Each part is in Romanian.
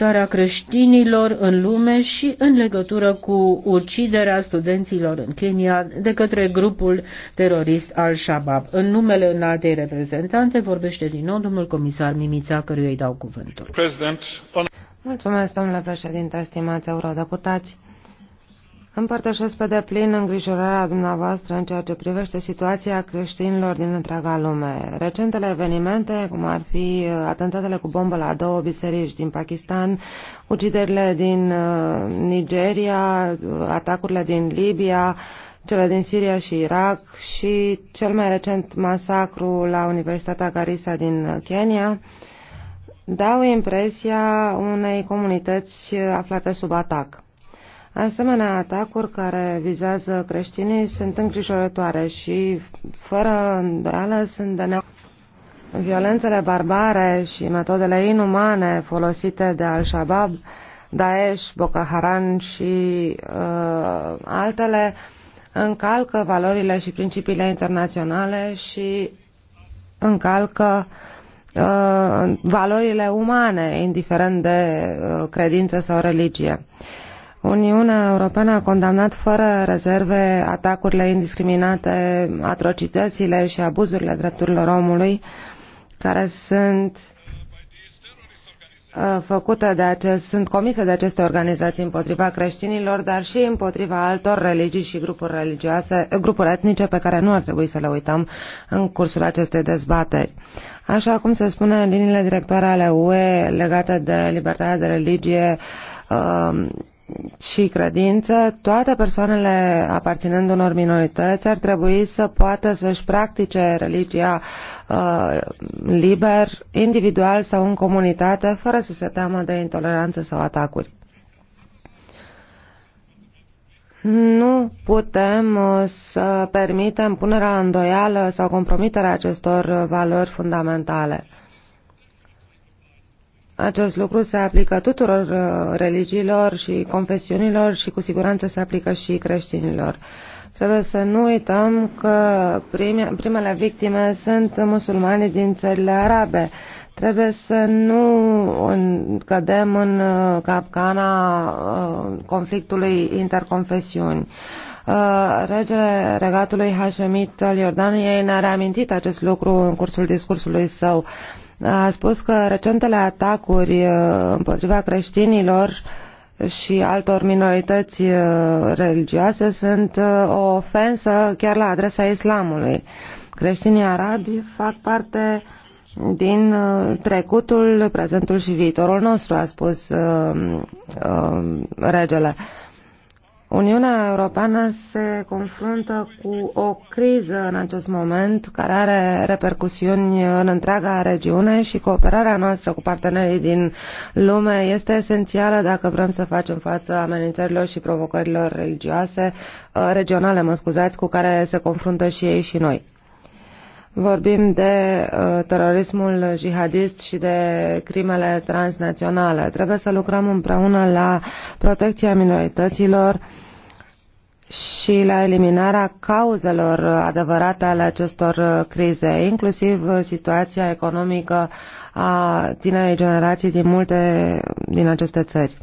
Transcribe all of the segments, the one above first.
persecutarea creștinilor în lume și în legătură cu uciderea studenților în Kenya de către grupul terorist Al-Shabaab. În numele înaltei reprezentante vorbește din nou domnul comisar Mimița, căruia îi dau cuvântul. Mulțumesc, domnule președinte, stimați eurodeputați. Împărtășesc pe deplin îngrijorarea dumneavoastră în ceea ce privește situația creștinilor din întreaga lume. Recentele evenimente, cum ar fi uh, atentatele cu bombă la două biserici din Pakistan, uciderile din uh, Nigeria, uh, atacurile din Libia, cele din Siria și Irak și cel mai recent masacru la Universitatea Garissa din Kenya, dau impresia unei comunități aflate sub atac. Asemenea, atacuri care vizează creștinii sunt îngrijorătoare și, fără îndoială, sunt de ne Violențele barbare și metodele inumane folosite de Al-Shabaab, Daesh, Boko Haram și uh, altele încalcă valorile și principiile internaționale și încalcă uh, valorile umane, indiferent de uh, credință sau religie. Uh, Uniunea Europeană a condamnat fără rezerve atacurile indiscriminate, atrocitățile și abuzurile drepturilor omului care sunt uh, făcute de acest, sunt comise de aceste organizații împotriva creștinilor, dar și împotriva altor religii și grupuri religioase, grupuri etnice pe care nu ar trebui să le uităm în cursul acestei dezbateri. Așa cum se spune în liniile directoare ale UE legate de libertatea de religie, uh, și credințe, toate persoanele aparținând unor minorități ar trebui să poată să-și practice religia uh, liber, individual sau în comunitate, fără să se teamă de intoleranță sau atacuri. Nu putem uh, să permitem punerea în îndoială sau compromiterea acestor valori fundamentale. Acest lucru se aplică tuturor uh, religiilor și confesiunilor și cu siguranță se aplică și creștinilor. Trebuie să nu uităm că primele victime sunt musulmani din țările arabe. Trebuie să nu cădem în uh, capcana uh, conflictului interconfesiuni. Regele regatului Hashemit al Iordaniei ne-a reamintit acest lucru în cursul discursului său a spus că recentele atacuri uh, împotriva creștinilor și altor minorități uh, religioase sunt uh, o ofensă chiar la adresa islamului. Creștinii arabi fac parte din trecutul, prezentul și viitorul nostru, a spus uh, uh, regele. Uh, Uniunea Europeană se confruntă cu o criză în acest moment care are repercusiuni în întreaga regiune și cooperarea noastră cu partenerii din lume este esențială dacă vrem să facem față amenințărilor și provocărilor religioase, eh, regionale, mă scuzați, cu care se confruntă și ei și noi. Vorbim de uh, terorismul jihadist și de crimele transnaționale. Trebuie să lucrăm împreună la protecția minorităților și la eliminarea cauzelor adevărate ale acestor uh, crize, inclusiv uh, situația economică a tinerei generații din multe din aceste țări.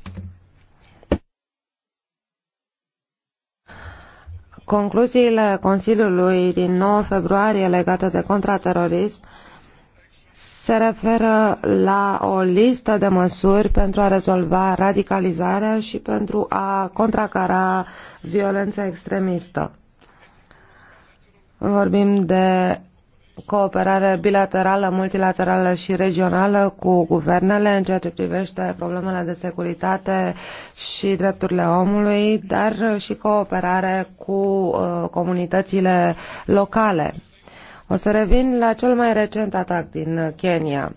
Concluziile Consiliului din 9 februarie legate de contraterorism se referă la o listă de măsuri pentru a rezolva radicalizarea și pentru a contracara violența extremistă. Vorbim de cooperare bilaterală, multilaterală și regională cu guvernele în ceea ce privește problemele de securitate și drepturile omului, dar și cooperare cu uh, comunitățile locale. O să revin la cel mai recent atac din Kenya.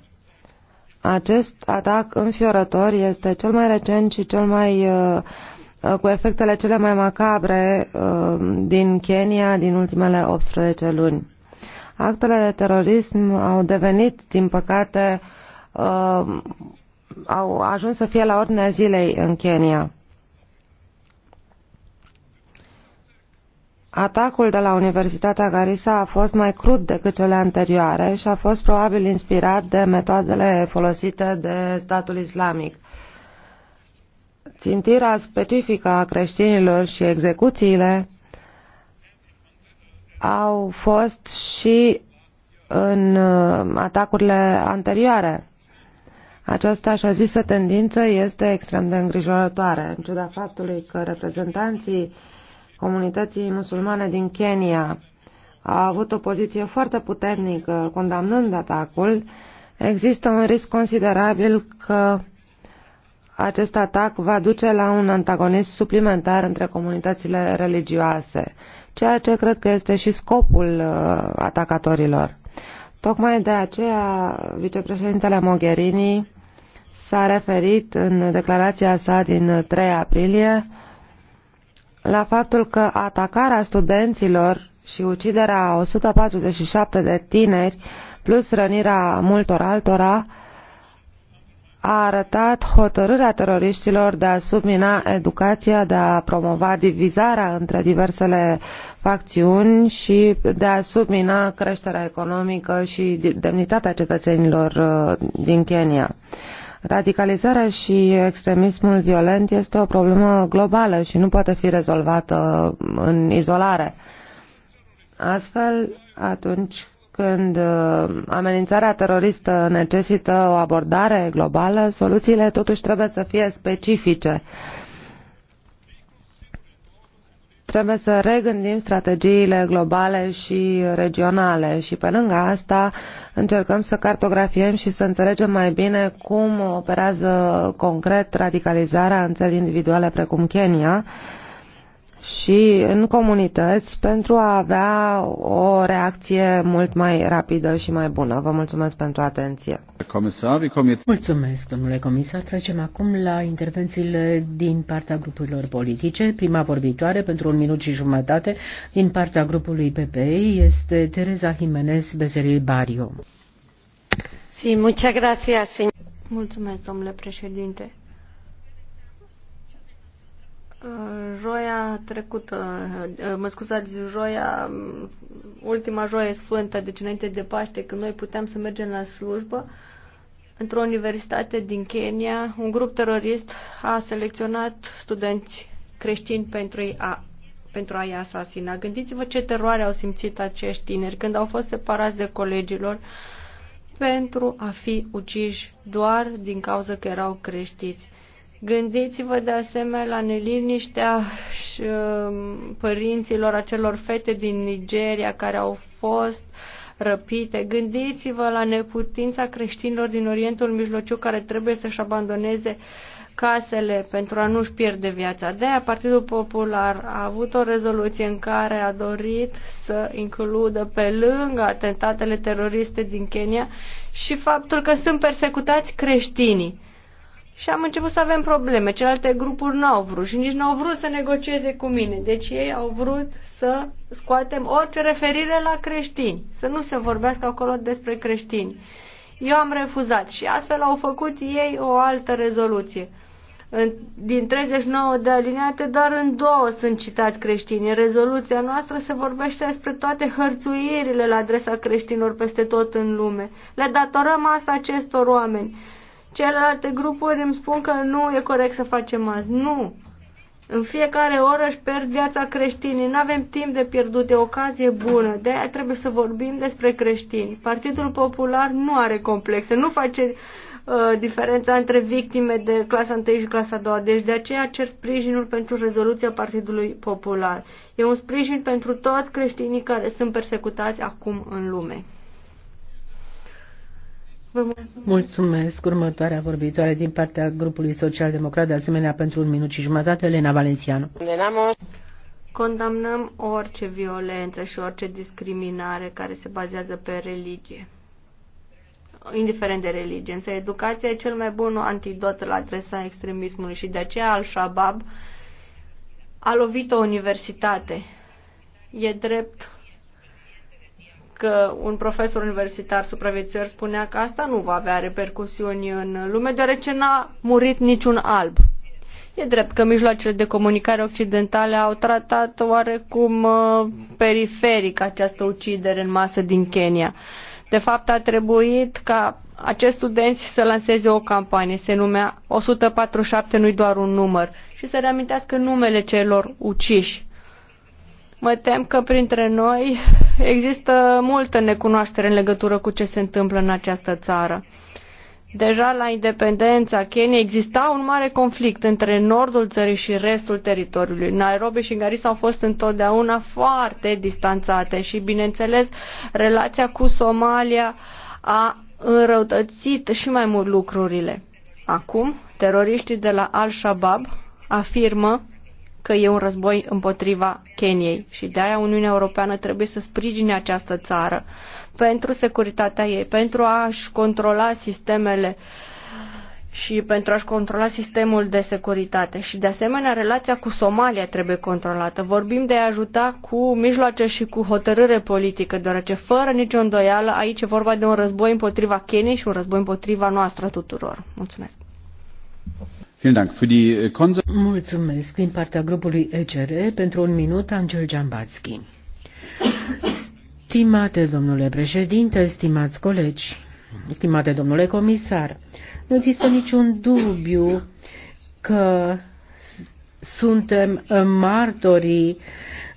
Acest atac înfiorător este cel mai recent și cel mai uh, uh, cu efectele cele mai macabre din Kenya din ultimele 18 luni. Actele de terorism au devenit, din păcate, uh, au ajuns să fie la ordinea zilei în Kenya. Atacul de la Universitatea Garissa a fost mai crud decât cele anterioare și a fost probabil inspirat de metodele folosite de statul islamic. Țintirea specifică a creștinilor și execuțiile au fost și în uh, atacurile anterioare. Această așa zisă tendință este extrem de îngrijorătoare, în ciuda faptului că reprezentanții comunității musulmane din Kenya a avut o poziție foarte puternică condamnând atacul, există un risc considerabil că acest atac va duce la un antagonism suplimentar între comunitățile religioase ceea ce cred că este și scopul uh, atacatorilor. Tocmai de aceea vicepreședintele Mogherini s-a referit în declarația sa din 3 aprilie la faptul că atacarea studenților și uciderea 147 de tineri plus rănirea multor altora a arătat hotărârea teroriștilor de a submina educația, de a promova divizarea între diversele facțiuni și de a submina creșterea economică și demnitatea cetățenilor uh, din Kenya. Radicalizarea și extremismul violent este o problemă globală și nu poate fi rezolvată în izolare. Astfel, atunci când uh, amenințarea teroristă necesită o abordare globală, soluțiile totuși trebuie să fie specifice. Trebuie să regândim strategiile globale și regionale și pe lângă asta încercăm să cartografiem și să înțelegem mai bine cum operează concret radicalizarea în țări individuale precum Kenya și în comunități pentru a avea o reacție mult mai rapidă și mai bună. Vă mulțumesc pentru atenție. Comisar, Mulțumesc, domnule comisar. Trecem acum la intervențiile din partea grupurilor politice. Prima vorbitoare, pentru un minut și jumătate, din partea grupului PPI este Teresa Jimenez Bezeril Barrio. Sí, muchas gracias, señor. Mulțumesc, domnule președinte. Joia trecută, eh, mă scuzați, joia, ultima joie sfântă, deci înainte de Paște, când noi puteam să mergem la slujbă, într-o universitate din Kenya, un grup terorist a selecționat studenți creștini pentru a pentru a-i asasina. Gândiți-vă ce teroare au simțit acești tineri când au fost separați de colegilor pentru a fi uciși doar din cauza că erau creștiți. Gândiți-vă de asemenea la neliniștea și um, părinților acelor fete din Nigeria care au fost răpite. Gândiți-vă la neputința creștinilor din Orientul Mijlociu care trebuie să-și abandoneze casele pentru a nu-și pierde viața. De aia Partidul Popular a avut o rezoluție în care a dorit să includă pe lângă atentatele teroriste din Kenya și faptul că sunt persecutați creștinii și am început să avem probleme. Celelalte grupuri nu au vrut și nici nu au vrut să negocieze cu mine. Deci ei au vrut să scoatem orice referire la creștini, să nu se vorbească acolo despre creștini. Eu am refuzat și astfel au făcut ei o altă rezoluție. Din 39 de alineate, doar în două sunt citați creștini. În rezoluția noastră se vorbește despre toate hărțuirile la adresa creștinilor peste tot în lume. Le datorăm asta acestor oameni Celelalte grupuri îmi spun că nu e corect să facem azi. Nu! În fiecare oră își pierd viața creștinii. Nu avem timp de pierdut, e ocazie bună. De aia trebuie să vorbim despre creștini. Partidul Popular nu are complexe, nu face uh, diferența între victime de clasa 1 și clasa 2. Deci de aceea cer sprijinul pentru rezoluția Partidului Popular. E un sprijin pentru toți creștinii care sunt persecutați acum în lume. Vă mulțumesc. mulțumesc. Următoarea vorbitoare din partea grupului social-democrat, de asemenea pentru un minut și jumătate, Elena Valențianu. Condamnăm orice violență și orice discriminare care se bazează pe religie indiferent de religie. Însă educația e cel mai bun antidot la adresa extremismului și de aceea Al-Shabaab a lovit o universitate. E drept că un profesor universitar supraviețuier spunea că asta nu va avea repercusiuni în lume, deoarece n-a murit niciun alb. E drept că mijloacele de comunicare occidentale au tratat oarecum uh, periferic această ucidere în masă din Kenya. De fapt, a trebuit ca acești studenți să lanseze o campanie, se numea 147 nu-i doar un număr, și să reamintească numele celor uciși Mă tem că printre noi există multă necunoaștere în legătură cu ce se întâmplă în această țară. Deja la independența Keniei exista un mare conflict între nordul țării și restul teritoriului. Nairobi și Garissa au fost întotdeauna foarte distanțate și, bineînțeles, relația cu Somalia a înrăutățit și mai mult lucrurile. Acum, teroriștii de la Al-Shabaab afirmă că e un război împotriva Keniei și de aia Uniunea Europeană trebuie să sprijine această țară pentru securitatea ei, pentru a-și controla sistemele și pentru a-și controla sistemul de securitate. Și de asemenea, relația cu Somalia trebuie controlată. Vorbim de a ajuta cu mijloace și cu hotărâre politică, deoarece fără nicio îndoială aici e vorba de un război împotriva Keniei și un război împotriva noastră tuturor. Mulțumesc! Äh, Mulțumesc din partea grupului ECR pentru un minut, Angel Giambatski. Stimate domnule președinte, stimați colegi, stimate domnule comisar, nu există niciun dubiu că suntem martorii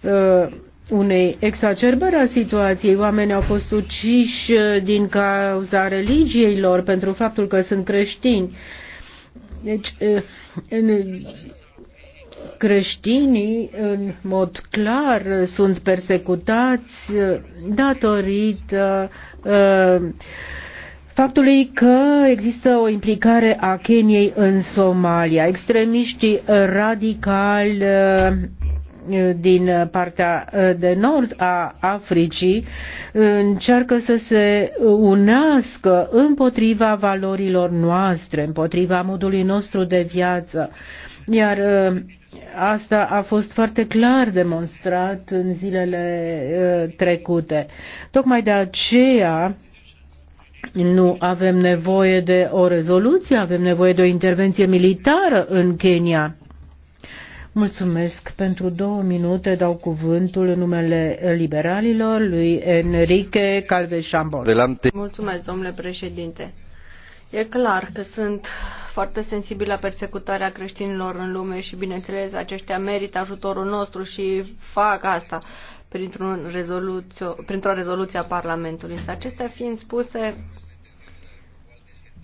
uh, unei exacerbări a situației. Oamenii au fost uciși uh, din cauza religiei lor pentru faptul că sunt creștini. Uh, deci, în creștinii în mod clar sunt persecutați datorită faptului că există o implicare a Keniei în Somalia. Extremiștii radicali din partea uh, de nord a Africii încearcă să se unească împotriva valorilor noastre, împotriva modului nostru de viață. Iar uh, Asta a fost foarte clar demonstrat în zilele uh, trecute. Tocmai de aceea nu avem nevoie de o rezoluție, avem nevoie de o intervenție militară în Kenya. Mulțumesc pentru două minute. Dau cuvântul în numele liberalilor lui Enrique Calveșambon. Mulțumesc, domnule președinte. E clar că sunt foarte sensibil la persecutarea creștinilor în lume și, bineînțeles, aceștia merită ajutorul nostru și fac asta printr-o rezoluție, printr rezoluție a Parlamentului. Acestea fiind spuse,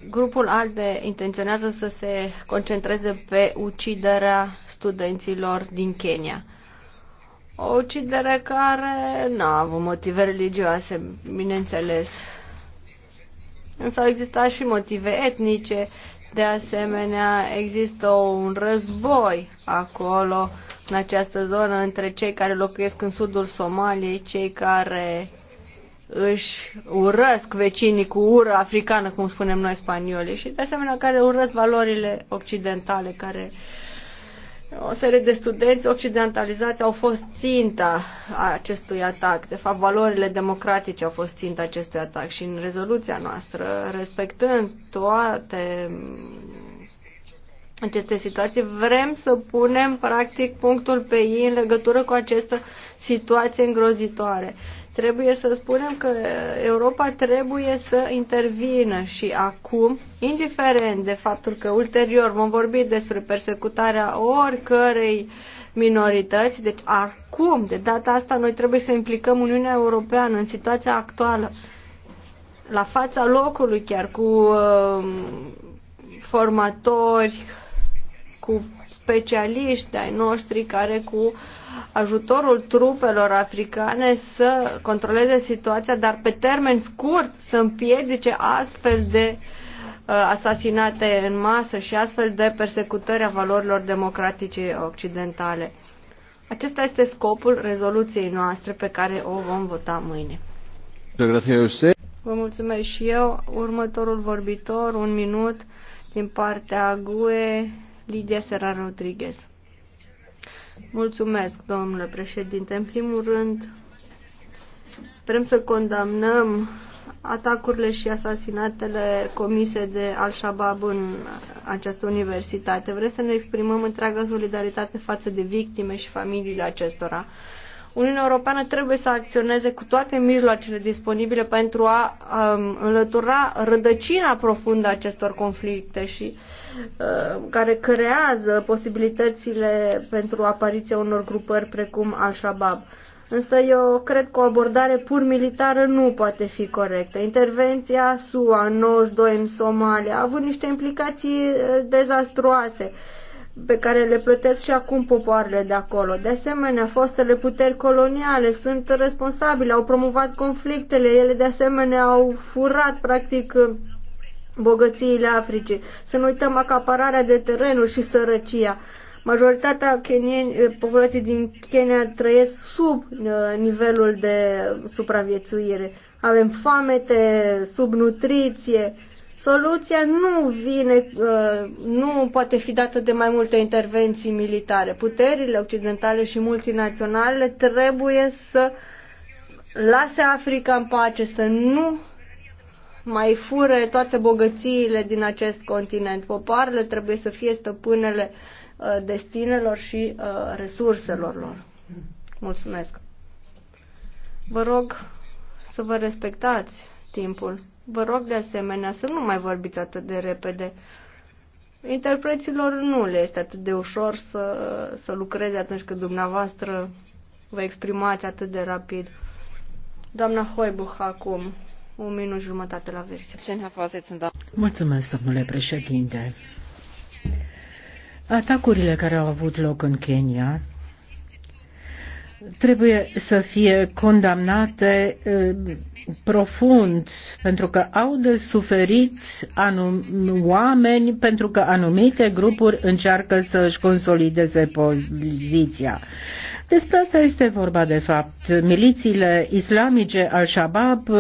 Grupul ALDE intenționează să se concentreze pe uciderea studenților din Kenya. O ucidere care nu a avut motive religioase, bineînțeles. Însă au existat și motive etnice, de asemenea există un război acolo, în această zonă, între cei care locuiesc în sudul Somaliei, cei care își urăsc vecinii cu ură africană, cum spunem noi spanioli, și de asemenea care urăsc valorile occidentale, care o serie de studenți occidentalizați au fost ținta acestui atac. De fapt, valorile democratice au fost ținta acestui atac și în rezoluția noastră, respectând toate aceste situații, vrem să punem practic punctul pe ei în legătură cu această situație îngrozitoare. Uh, Trebuie să spunem că Europa trebuie să intervină și acum, indiferent de faptul că ulterior vom vorbi despre persecutarea oricărei minorități, deci acum, de data asta, noi trebuie să implicăm Uniunea Europeană în situația actuală, la fața locului chiar, cu uh, formatori, cu specialiști ai noștri care cu uh, ajutorul trupelor africane să controleze situația, dar pe termen scurt să împiedice astfel de uh, asasinate în masă și astfel de persecutări a valorilor democratice occidentale. Acesta este scopul rezoluției noastre pe care o vom vota mâine. Vă mulțumesc și eu. Următorul vorbitor, un minut, din partea GUE, Lidia Serra Rodriguez. Mulțumesc, domnule președinte. În primul rând, vrem să condamnăm atacurile și asasinatele comise de Al-Shabaab în această universitate. Vrem să ne exprimăm întreaga solidaritate față de victime și familiile acestora. Uniunea Europeană trebuie să acționeze cu toate mijloacele disponibile pentru a um, înlătura rădăcina profundă a acestor conflicte și Uh, care creează posibilitățile pentru apariția unor grupări precum Al-Shabaab. Însă eu cred că o abordare pur militară nu poate fi corectă. Intervenția SUA în 92 în Somalia a avut niște implicații uh, dezastruoase pe care le plătesc și acum popoarele de acolo. De asemenea, fostele puteri coloniale sunt responsabile, au promovat conflictele, ele de asemenea au furat practic bogățiile Africii. Să nu uităm acapararea de terenuri și sărăcia. Majoritatea kenieni, eh, populației din Kenya trăiesc sub eh, nivelul de supraviețuire. Avem famete, subnutriție. Soluția nu vine, eh, nu poate fi dată de mai multe intervenții militare. Puterile occidentale și multinaționale trebuie să lase Africa în pace, să nu mai fure toate bogățiile din acest continent. Popoarele trebuie să fie stăpânele uh, destinelor și uh, resurselor lor. Mulțumesc. Vă rog să vă respectați timpul. Vă rog de asemenea să nu mai vorbiți atât de repede. Interpreților nu le este atât de ușor să, uh, să lucreze atunci când dumneavoastră vă exprimați atât de rapid. Doamna Hoibuch acum. Un minut jumătate la versiune. Mulțumesc, domnule președinte. Atacurile care au avut loc în Kenya trebuie să fie condamnate eh, profund, pentru că au de suferit anum, oameni, pentru că anumite grupuri încearcă să își consolideze poziția. Despre asta este vorba, de fapt. Milițiile islamice al-Shabaab uh,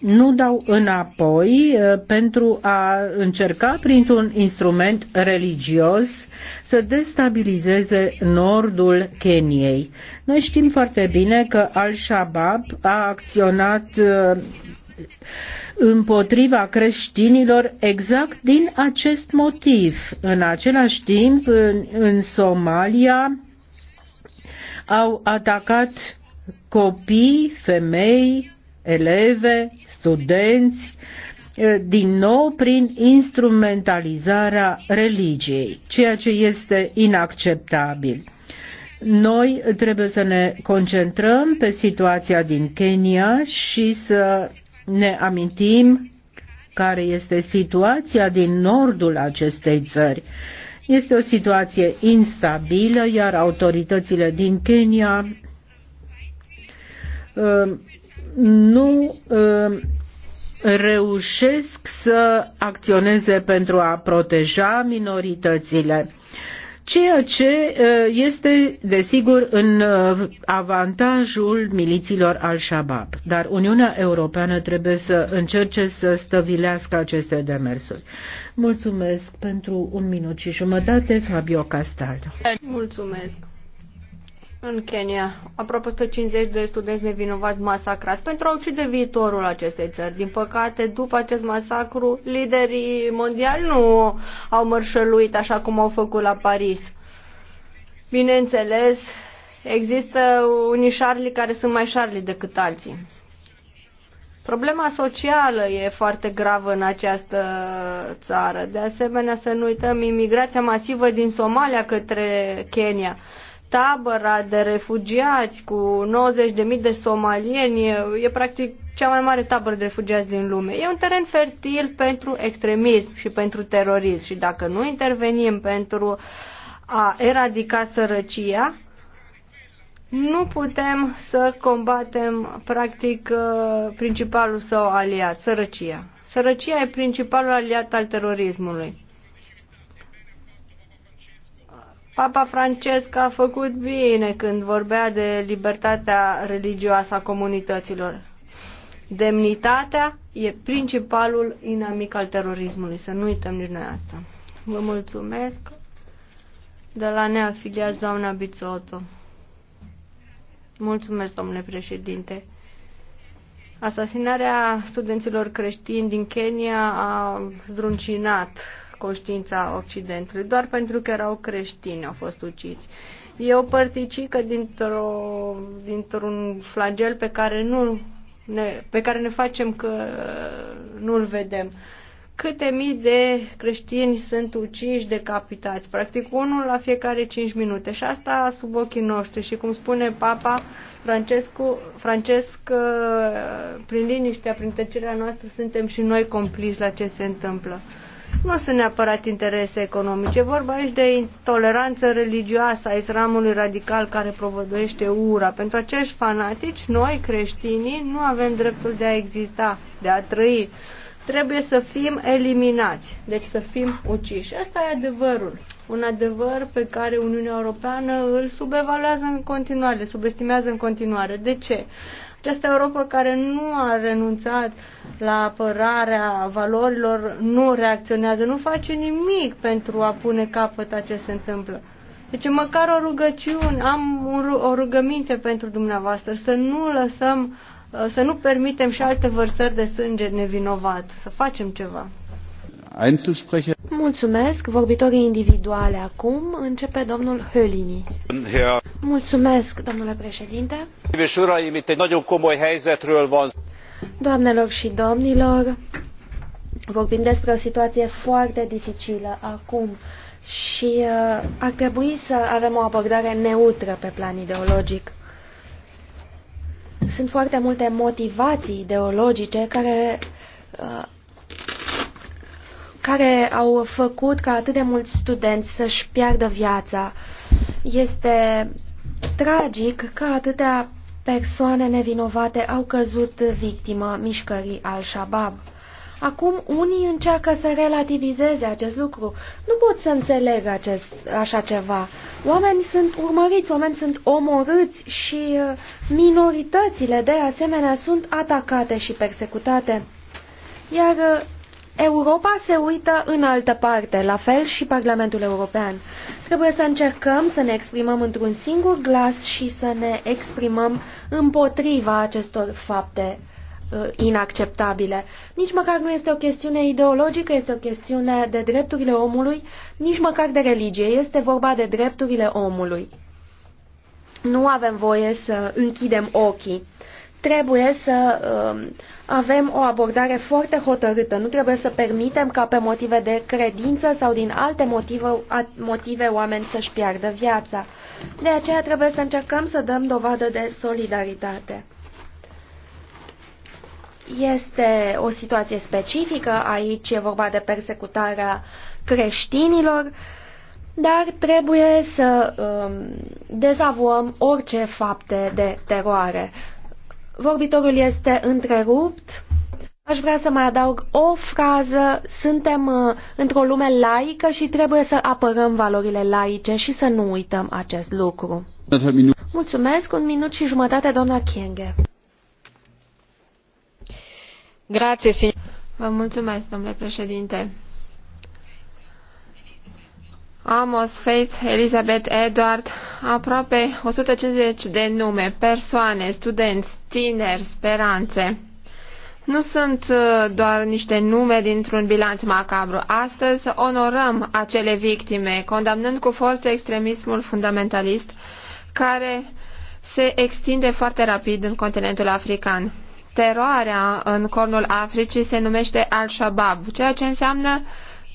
nu dau înapoi uh, pentru a încerca, printr-un instrument religios, să destabilizeze nordul Keniei. Noi știm foarte bine că al-Shabaab a acționat uh, împotriva creștinilor exact din acest motiv. În același timp, în Somalia, au atacat copii, femei, eleve, studenți, eh, din nou prin instrumentalizarea religiei, ceea ce este inacceptabil. Noi trebuie să ne concentrăm pe situația din Kenya și să ne amintim care este situația din nordul acestei țări. Este o situație instabilă, iar autoritățile din Kenya uh, nu uh, reușesc să acționeze pentru a proteja minoritățile ceea ce este, desigur, în avantajul miliților al-Shabaab. Dar Uniunea Europeană trebuie să încerce să stăvilească aceste demersuri. Mulțumesc pentru un minut și jumătate, Fabio Castaldo. Mulțumesc în Kenya aproape 150 de studenți nevinovați masacrați pentru a ucide viitorul acestei țări. Din păcate, după acest masacru, liderii mondiali nu au mărșăluit așa cum au făcut la Paris. Bineînțeles, există unii Charlie care sunt mai Charlie decât alții. Problema socială e foarte gravă în această țară. De asemenea, să nu uităm imigrația masivă din Somalia către Kenya tabăra de refugiați cu 90.000 de somalieni e practic cea mai mare tabără de refugiați din lume. E un teren fertil pentru extremism și pentru terorism și dacă nu intervenim pentru a eradica sărăcia, nu putem să combatem practic uh, principalul său aliat, sărăcia. Sărăcia e principalul aliat al terorismului. Papa Francesc a făcut bine când vorbea de libertatea religioasă a comunităților. Demnitatea e principalul inamic al terorismului, să nu uităm nici noi asta. Vă mulțumesc. De la neafiliați, doamna Bițoto. Mulțumesc, domnule președinte. Asasinarea studenților creștini din Kenya a zdruncinat conștiința Occidentului. Doar pentru că erau creștini au fost uciți. E o părticică dintr-o, dintr-un flagel pe care, nu ne, pe care ne facem că nu-l vedem. Câte mii de creștini sunt uciși, decapitați, practic unul la fiecare 5 minute și asta sub ochii noștri și cum spune Papa Francescu, Francesc, uh, prin liniștea, prin tăcerea noastră suntem și noi complici la ce se întâmplă nu sunt neapărat interese economice. Vorba aici de intoleranță religioasă a islamului radical care provăduiește ura. Pentru acești fanatici, noi creștinii nu avem dreptul de a exista, de a trăi. Trebuie să fim eliminați, deci să fim uciși. Asta e adevărul. Un adevăr pe care Uniunea Europeană îl subevaluează în continuare, subestimează în continuare. De ce? Această Europa care nu a renunțat la apărarea valorilor nu reacționează, nu face nimic pentru a pune capăt a ce se întâmplă. Deci măcar o rugăciune, am o rugăminte pentru dumneavoastră, să nu lăsăm, să nu permitem și alte vărsări de sânge nevinovat, să facem ceva. Einzelsprecher. Mulțumesc. Vorbitorii individuale acum. Începe domnul Hölini. Mulțumesc, domnule președinte. Doamnelor și domnilor, vorbim despre o situație foarte dificilă acum și uh, ar trebui să avem o abordare neutră pe plan ideologic. Sunt foarte multe motivații ideologice care uh, care au făcut ca atât de mulți studenți să-și piardă viața. Este tragic că atâtea persoane nevinovate au căzut victimă mișcării al-Shabaab. Acum unii încearcă să relativizeze acest lucru. Nu pot să înțeleg acest, așa ceva. Oamenii sunt urmăriți, oameni sunt omorâți și uh, minoritățile de asemenea sunt atacate și persecutate. Iar uh, Europa se uită în altă parte, la fel și Parlamentul European. Trebuie să încercăm să ne exprimăm într-un singur glas și să ne exprimăm împotriva acestor fapte uh, inacceptabile. Nici măcar nu este o chestiune ideologică, este o chestiune de drepturile omului, nici măcar de religie. Este vorba de drepturile omului. Nu avem voie să închidem ochii trebuie să um, avem o abordare foarte hotărâtă. Nu trebuie să permitem ca pe motive de credință sau din alte motive, motive oameni să-și piardă viața. De aceea trebuie să încercăm să dăm dovadă de solidaritate. Este o situație specifică, aici e vorba de persecutarea creștinilor, dar trebuie să um, dezavuăm orice fapte de teroare. Vorbitorul este întrerupt. Aș vrea să mai adaug o frază. Suntem uh, într-o lume laică și trebuie să apărăm valorile laice și să nu uităm acest lucru. Mulțumesc. Un minut și jumătate, doamna Kienge. Vă mulțumesc, domnule președinte. Amos, Faith, Elizabeth, Edward, aproape 150 de nume, persoane, studenți, tineri, speranțe. Nu sunt uh, doar niște nume dintr-un bilanț macabru. Astăzi onorăm acele victime, condamnând cu forță extremismul fundamentalist care se extinde foarte rapid în continentul african. Teroarea în cornul Africii se numește Al-Shabaab, ceea ce înseamnă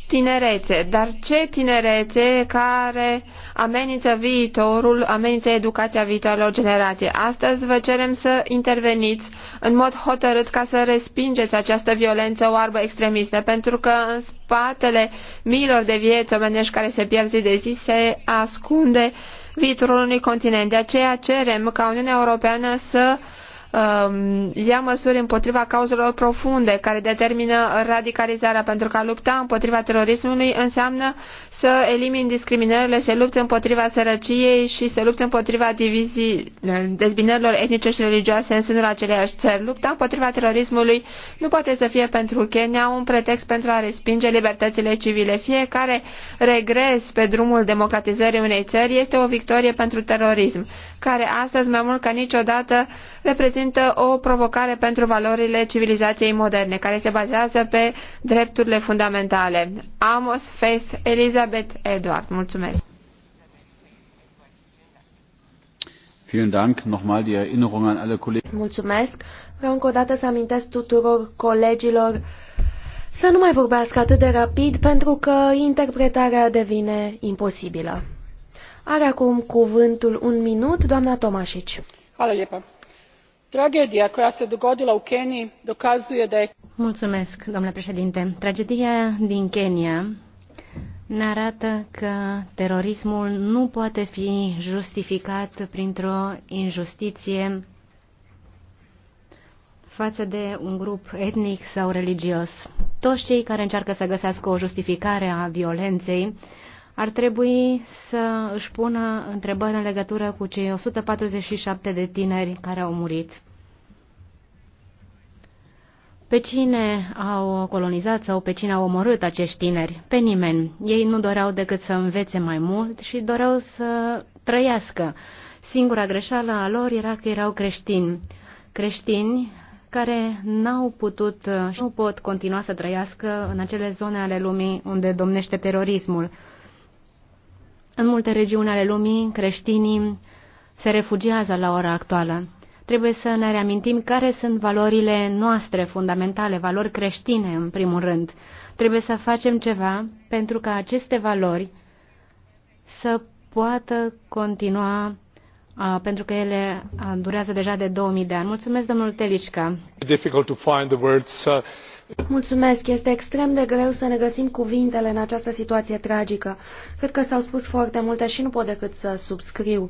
tinerețe, dar ce tinerețe care amenință viitorul, amenință educația viitoarelor generații. Astăzi vă cerem să interveniți în mod hotărât ca să respingeți această violență oarbă extremistă, pentru că în spatele miilor de vieți omenești care se pierd zi de zi se ascunde viitorul unui continent. De aceea cerem ca Uniunea Europeană să Um, ia măsuri împotriva cauzelor profunde care determină radicalizarea, pentru că a lupta împotriva terorismului înseamnă să elimini discriminările, să lupți împotriva sărăciei și să lupți împotriva divizii, dezbinărilor etnice și religioase în sânul aceleiași țări. Lupta împotriva terorismului nu poate să fie pentru Kenya un pretext pentru a respinge libertățile civile. Fiecare regres pe drumul democratizării unei țări este o victorie pentru terorism, care astăzi mai mult ca niciodată reprezintă reprezintă o provocare pentru valorile civilizației moderne, care se bazează pe drepturile fundamentale. Amos Faith Elizabeth Edward. Mulțumesc! Mulțumesc! Vreau încă o dată să amintesc tuturor colegilor să nu mai vorbească atât de rapid pentru că interpretarea devine imposibilă. Are acum cuvântul un minut doamna Tomașici. Hvala lijepa tragedija koja se dogodila u keniji dokazuje da tragedia din kenya ne arată că terorismul nu poate fi justificat printr o injustiție față de un grup etnic sau religios. Toți cei care încearcă să găsească o justificare a violenței ar trebui să își pună întrebări în legătură cu cei 147 de tineri care au murit. Pe cine au colonizat sau pe cine au omorât acești tineri? Pe nimeni. Ei nu doreau decât să învețe mai mult și doreau să trăiască. Singura greșeală a lor era că erau creștini. Creștini care n-au putut și nu pot continua să trăiască în acele zone ale lumii unde domnește terorismul. În multe regiuni ale lumii, creștinii se refugiază la ora actuală. Trebuie să ne reamintim care sunt valorile noastre fundamentale, valori creștine în primul rând. Trebuie să facem ceva pentru ca aceste valori să poată continua pentru că ele durează deja de 2000 de ani. Mulțumesc, domnul Telișca. Uh, Mulțumesc. Este extrem de greu să ne găsim cuvintele în această situație tragică. Cred că s-au spus foarte multe și nu pot decât să subscriu.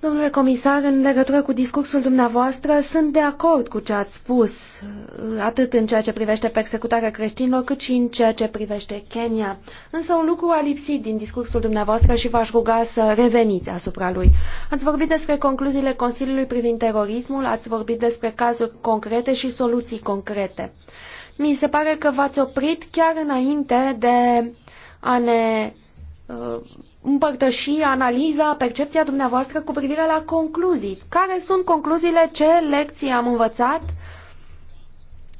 Domnule comisar, în legătură cu discursul dumneavoastră, sunt de acord cu ce ați spus, atât în ceea ce privește persecutarea creștinilor, cât și în ceea ce privește Kenya. Însă un lucru a lipsit din discursul dumneavoastră și v-aș ruga să reveniți asupra lui. Ați vorbit despre concluziile Consiliului privind terorismul, ați vorbit despre cazuri concrete și soluții concrete. Mi se pare că v-ați oprit chiar înainte de a ne Uh, împărtăși analiza, percepția dumneavoastră cu privire la concluzii. Care sunt concluziile? Ce lecții am învățat?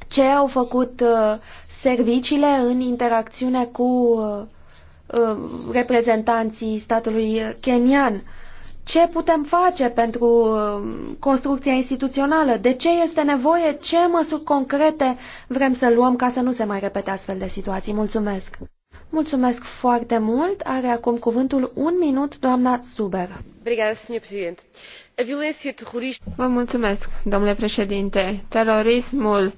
Ce au făcut uh, serviciile în interacțiune cu uh, reprezentanții statului kenian? Ce putem face pentru construcția instituțională? De ce este nevoie? Ce măsuri concrete vrem să luăm ca să nu se mai repete astfel de situații? Mulțumesc! Mulțumesc foarte mult. Are acum cuvântul un minut doamna Zuber. Vă mulțumesc, domnule președinte. Terorismul,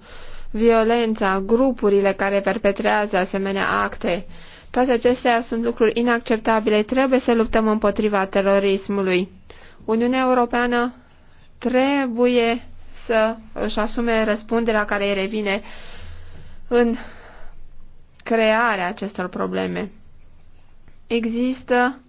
violența, grupurile care perpetrează asemenea acte, toate acestea sunt lucruri inacceptabile. Trebuie să luptăm împotriva terorismului. Uniunea Europeană trebuie să își asume răspunderea care îi revine în crearea acestor probleme. Există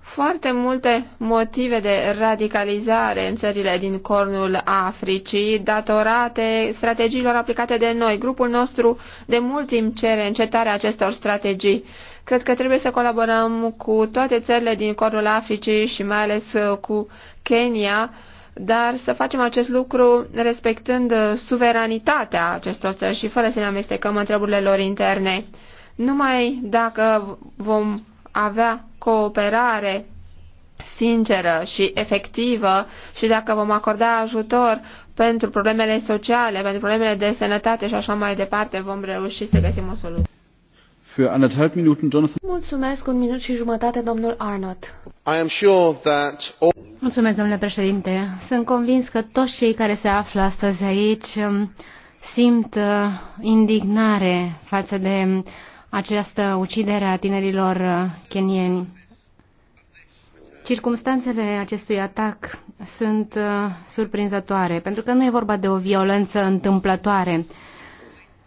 foarte multe motive de radicalizare în țările din cornul Africii, datorate strategiilor aplicate de noi. Grupul nostru de mult timp cere încetarea acestor strategii. Cred că trebuie să colaborăm cu toate țările din cornul Africii și mai ales cu Kenya, dar să facem acest lucru respectând uh, suveranitatea acestor țări și fără să ne amestecăm în treburile lor interne. Numai dacă vom avea cooperare sinceră și efectivă și dacă vom acorda ajutor pentru problemele sociale, pentru problemele de sănătate și așa mai departe, vom reuși să găsim o soluție. Für anderthalb Minuten, Jonathan. Mulțumesc, un minut și jumătate, domnul Arnott. I am sure that all... Mulțumesc, domnule președinte. Sunt convins că toți cei care se află astăzi aici um, simt uh, indignare față de această ucidere a tinerilor uh, kenieni. Circumstanțele acestui atac sunt uh, surprinzătoare, pentru că nu e vorba de o violență întâmplătoare.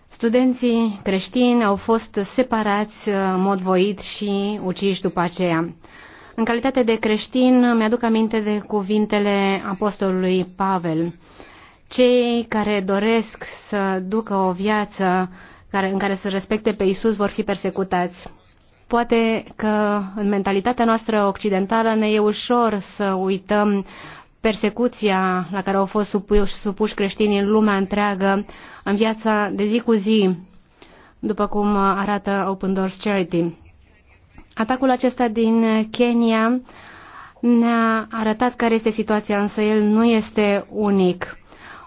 Studenții creștini au fost separați uh, în mod voit și uciși după aceea. În calitate de creștin, mi-aduc aminte de cuvintele apostolului Pavel. Cei care doresc să ducă o viață care, în care să respecte pe Isus vor fi persecutați. Poate că în mentalitatea noastră occidentală ne e ușor să uităm persecuția la care au fost supuși, supuși creștinii în lumea întreagă, în viața de zi cu zi, după cum arată Open Doors Charity. Atacul acesta din Kenya ne-a arătat care este situația, însă el nu este unic.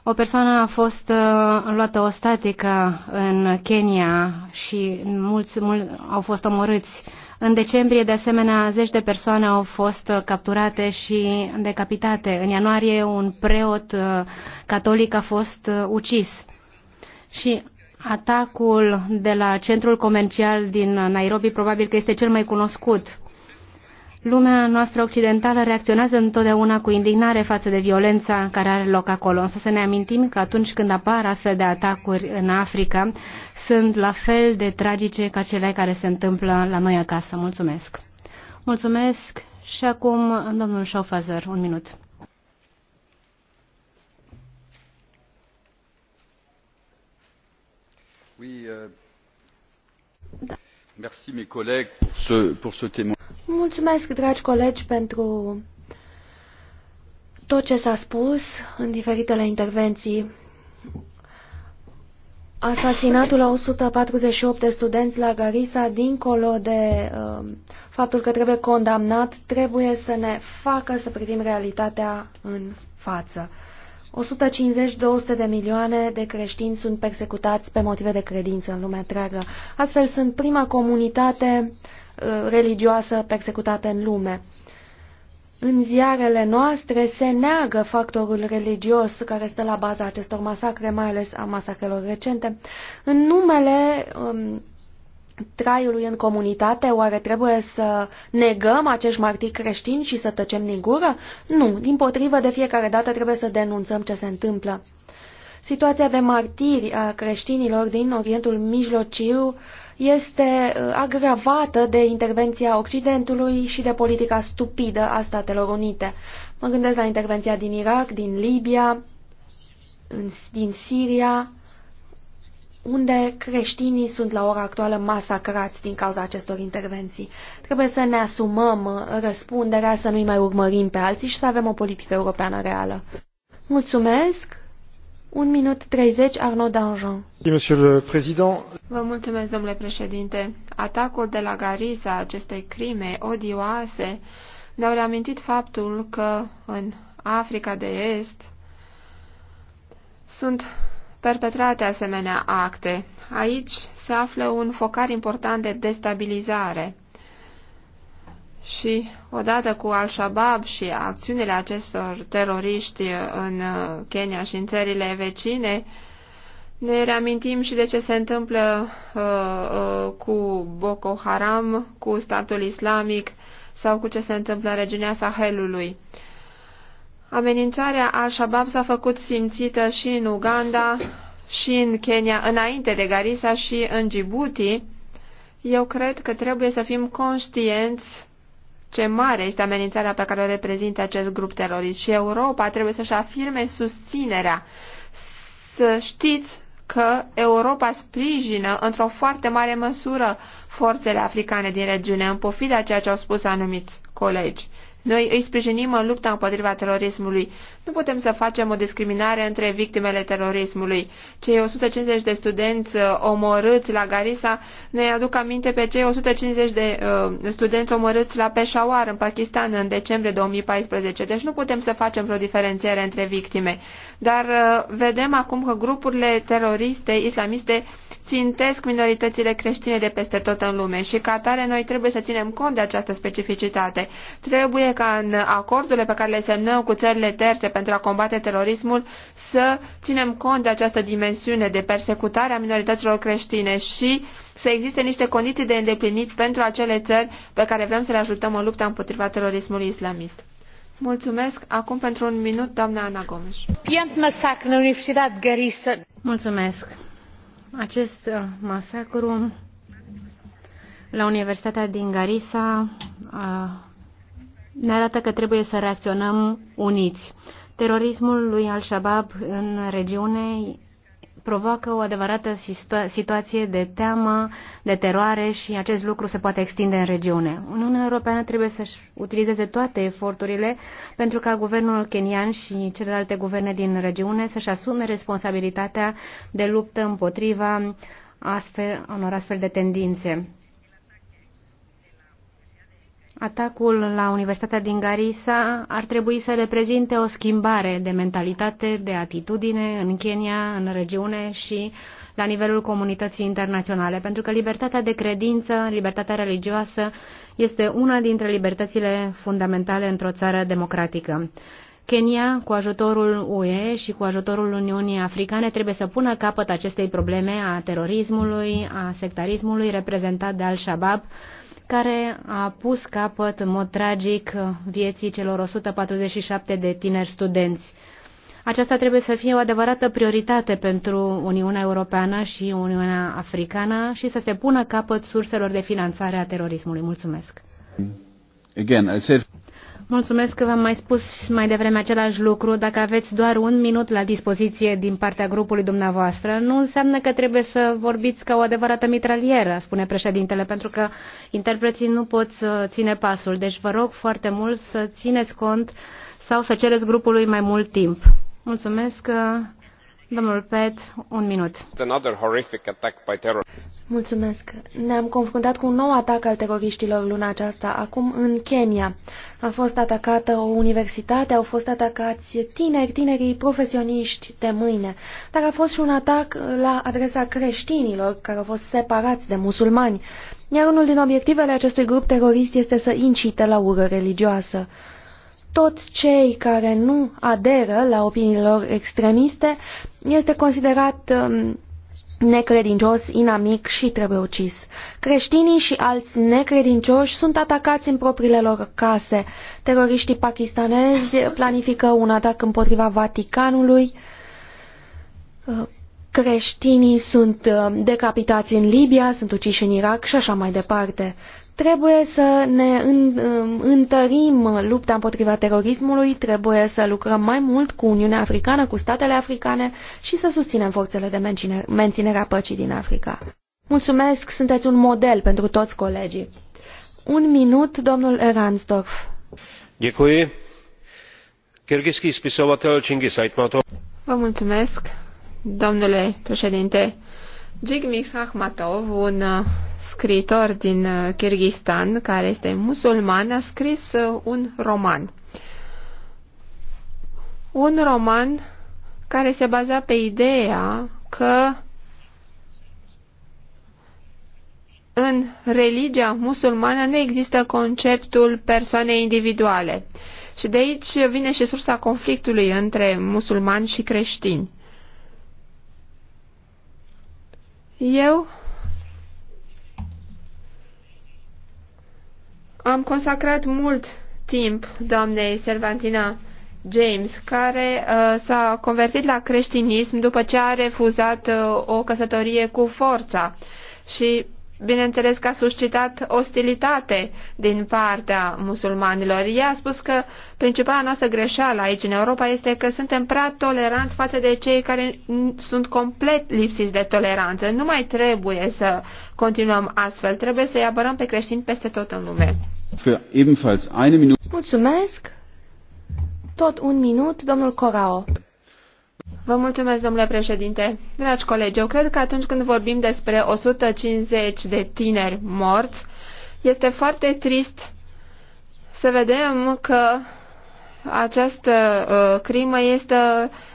O persoană a fost uh, luată ostatică în Kenya și mulți, mulți au fost omorâți uh, în decembrie, de asemenea, zeci de persoane au fost uh, capturate și decapitate. În ianuarie, un preot uh, catolic a fost uh, ucis. Și atacul de la centrul comercial din Nairobi probabil că este cel mai cunoscut. Lumea noastră occidentală reacționează întotdeauna cu indignare față de violența care are loc acolo, însă să ne amintim că atunci când apar astfel de atacuri în Africa, sunt la fel de tragice ca cele care se întâmplă la noi acasă. Mulțumesc! Mulțumesc și acum domnul Schaufazer, un minut. Oui, da. Euh, merci mes collègues pour ce, pour ce témoin. Mulțumesc, dragi colegi, pentru tot ce s-a spus în diferitele intervenții. Asasinatul la 148 de studenți la Garisa, dincolo de uh, faptul că trebuie condamnat, trebuie să ne facă să privim realitatea în față. 150-200 de milioane de creștini sunt persecutați pe motive de credință în lumea întreagă. Astfel sunt prima comunitate uh, religioasă persecutată în lume. Uh, în ziarele noastre se neagă factorul religios care stă la baza acestor masacre, mai ales a masacrelor recente. În numele um, traiului în comunitate, oare trebuie să negăm acești martiri creștini și să tăcem din gură? Nu, din potrivă, de fiecare dată trebuie să denunțăm ce se întâmplă. Situația de martiri a creștinilor din Orientul Mijlociu este uh, agravată de intervenția Occidentului și de politica stupidă a Statelor Unite. Mă gândesc la intervenția din Irak, din Libia, din Siria, unde creștinii sunt la ora actuală masacrați din cauza acestor intervenții. Trebuie să ne asumăm răspunderea, să nu-i mai urmărim pe alții și să avem o politică europeană reală. Mulțumesc! Un minut 30, Arnaud Danjean. Vă mulțumesc, domnule președinte. Atacul de la Gariza acestei crime odioase ne-au reamintit faptul că în Africa de Est sunt perpetrate asemenea acte. Aici se află un focar important de destabilizare. Și odată cu Al-Shabaab și acțiunile acestor teroriști în uh, Kenya și în țările vecine, ne reamintim și de ce se întâmplă uh, uh, cu Boko Haram, cu statul islamic sau cu ce se întâmplă în regiunea Sahelului. Amenințarea Al-Shabaab s-a făcut simțită și în Uganda, și în Kenya, înainte de Garissa și în Djibouti. Eu cred că trebuie să fim conștienți ce mare este amenințarea pe care o reprezintă acest grup terorist și Europa trebuie să-și afirme susținerea. Să știți că Europa sprijină într-o foarte mare măsură forțele africane din regiune, în pofida ceea ce au spus anumiți colegi. Noi îi sprijinim în lupta împotriva terorismului. Nu putem să facem o discriminare între victimele terorismului. Cei 150 de studenți uh, omorâți la Garissa ne aduc aminte pe cei 150 de uh, studenți omorâți la Peshawar, în Pakistan, în decembrie 2014. Deci nu putem să facem vreo diferențiere între victime. Dar uh, vedem acum că grupurile teroriste islamiste țintesc minoritățile creștine de peste tot în lume și ca tare, noi trebuie să ținem cont de această specificitate. Trebuie trebuie ca în acordurile pe care le semnăm cu țările terțe pentru a combate terorismul să ținem cont de această dimensiune de persecutare a minorităților creștine și să existe niște condiții de îndeplinit pentru acele țări pe care vrem să le ajutăm în lupta împotriva terorismului islamist. Mulțumesc. Acum pentru un minut, doamna Ana Gomes. Masacru în Universitatea Garissa. Mulțumesc. Acest uh, masacru la Universitatea din Garissa a uh, ne arată că trebuie să reacționăm uniți. Terorismul lui Al-Shabaab în regiune provoacă o adevărată situație de teamă, de teroare și acest lucru se poate extinde în regiune. Uniunea Europeană trebuie să-și utilizeze toate eforturile pentru ca guvernul kenian și celelalte guverne din regiune să-și asume responsabilitatea de luptă împotriva astfel, unor astfel de tendințe. Atacul la Universitatea din Garissa ar trebui să reprezinte o schimbare de mentalitate, de atitudine în Kenya, în regiune și la nivelul comunității internaționale, pentru că libertatea de credință, libertatea religioasă este una dintre libertățile fundamentale într-o țară democratică. Kenya, cu ajutorul UE și cu ajutorul Uniunii Africane, trebuie să pună capăt acestei probleme a terorismului, a sectarismului reprezentat de Al-Shabaab, care a pus capăt în mod tragic vieții celor 147 de tineri studenți. Aceasta trebuie să fie o adevărată prioritate pentru Uniunea Europeană și Uniunea Africană și să se pună capăt surselor de finanțare a terorismului. Mulțumesc! Again, I said... Mulțumesc că v-am mai spus mai devreme același lucru. Dacă aveți doar un minut la dispoziție din partea grupului dumneavoastră, nu înseamnă că trebuie să vorbiți ca o adevărată mitralieră, spune președintele, pentru că interpreții nu pot să ține pasul. Deci vă rog foarte mult să țineți cont sau să cereți grupului mai mult timp. Mulțumesc. Că... Domnul Pet, un minut. Mulțumesc. Ne-am confruntat cu un nou atac al teroriștilor luna aceasta, acum în Kenya. A fost atacată o universitate, au fost atacați tineri, tinerii profesioniști de mâine. Dar a fost și un atac la adresa creștinilor, care au fost separați de musulmani. Iar unul din obiectivele acestui grup terorist este să incite la ură religioasă toți cei care nu aderă la opiniilor extremiste este considerat um, necredincios, inamic și trebuie ucis. Creștinii și alți necredincioși sunt atacați în propriile lor case. Teroriștii pakistanezi planifică un atac împotriva Vaticanului. Uh, creștinii sunt uh, decapitați în Libia, sunt uciși în Irak și așa mai departe. Trebuie să ne um, întărim lupta împotriva terorismului, trebuie să lucrăm mai mult cu Uniunea Africană, cu statele africane și să susținem forțele de menținere a păcii din Africa. Mulțumesc, sunteți un model pentru toți colegii. Un minut, domnul Eransdorf. Děkuji. Kyrgyzský spisovatel Chingis Aitmatov. Vă mulțumesc, domnule președinte. Jigmix Ahmatov, un scriitor din uh, Kyrgyzstan, care este musulman, a scris uh, un roman. Un roman care se baza pe ideea că în religia musulmană nu există conceptul persoanei individuale. Și de aici vine și sursa conflictului între musulmani și creștini. Eu Am consacrat mult timp doamnei Servantina James, care uh, s-a convertit la creștinism după ce a refuzat uh, o căsătorie cu forța. Și bineînțeles că a suscitat ostilitate din partea musulmanilor. Ea a spus că principala noastră greșeală aici în Europa este că suntem prea toleranți față de cei care sunt complet lipsiți de toleranță. Nu mai trebuie să continuăm astfel. Trebuie să-i apărăm pe creștini peste tot în lume. Mulțumesc! Tot un minut, domnul Corao. Vă mulțumesc, domnule președinte. Dragi colegi, eu cred că atunci când vorbim despre 150 de tineri morți, este foarte trist să vedem că această uh, crimă este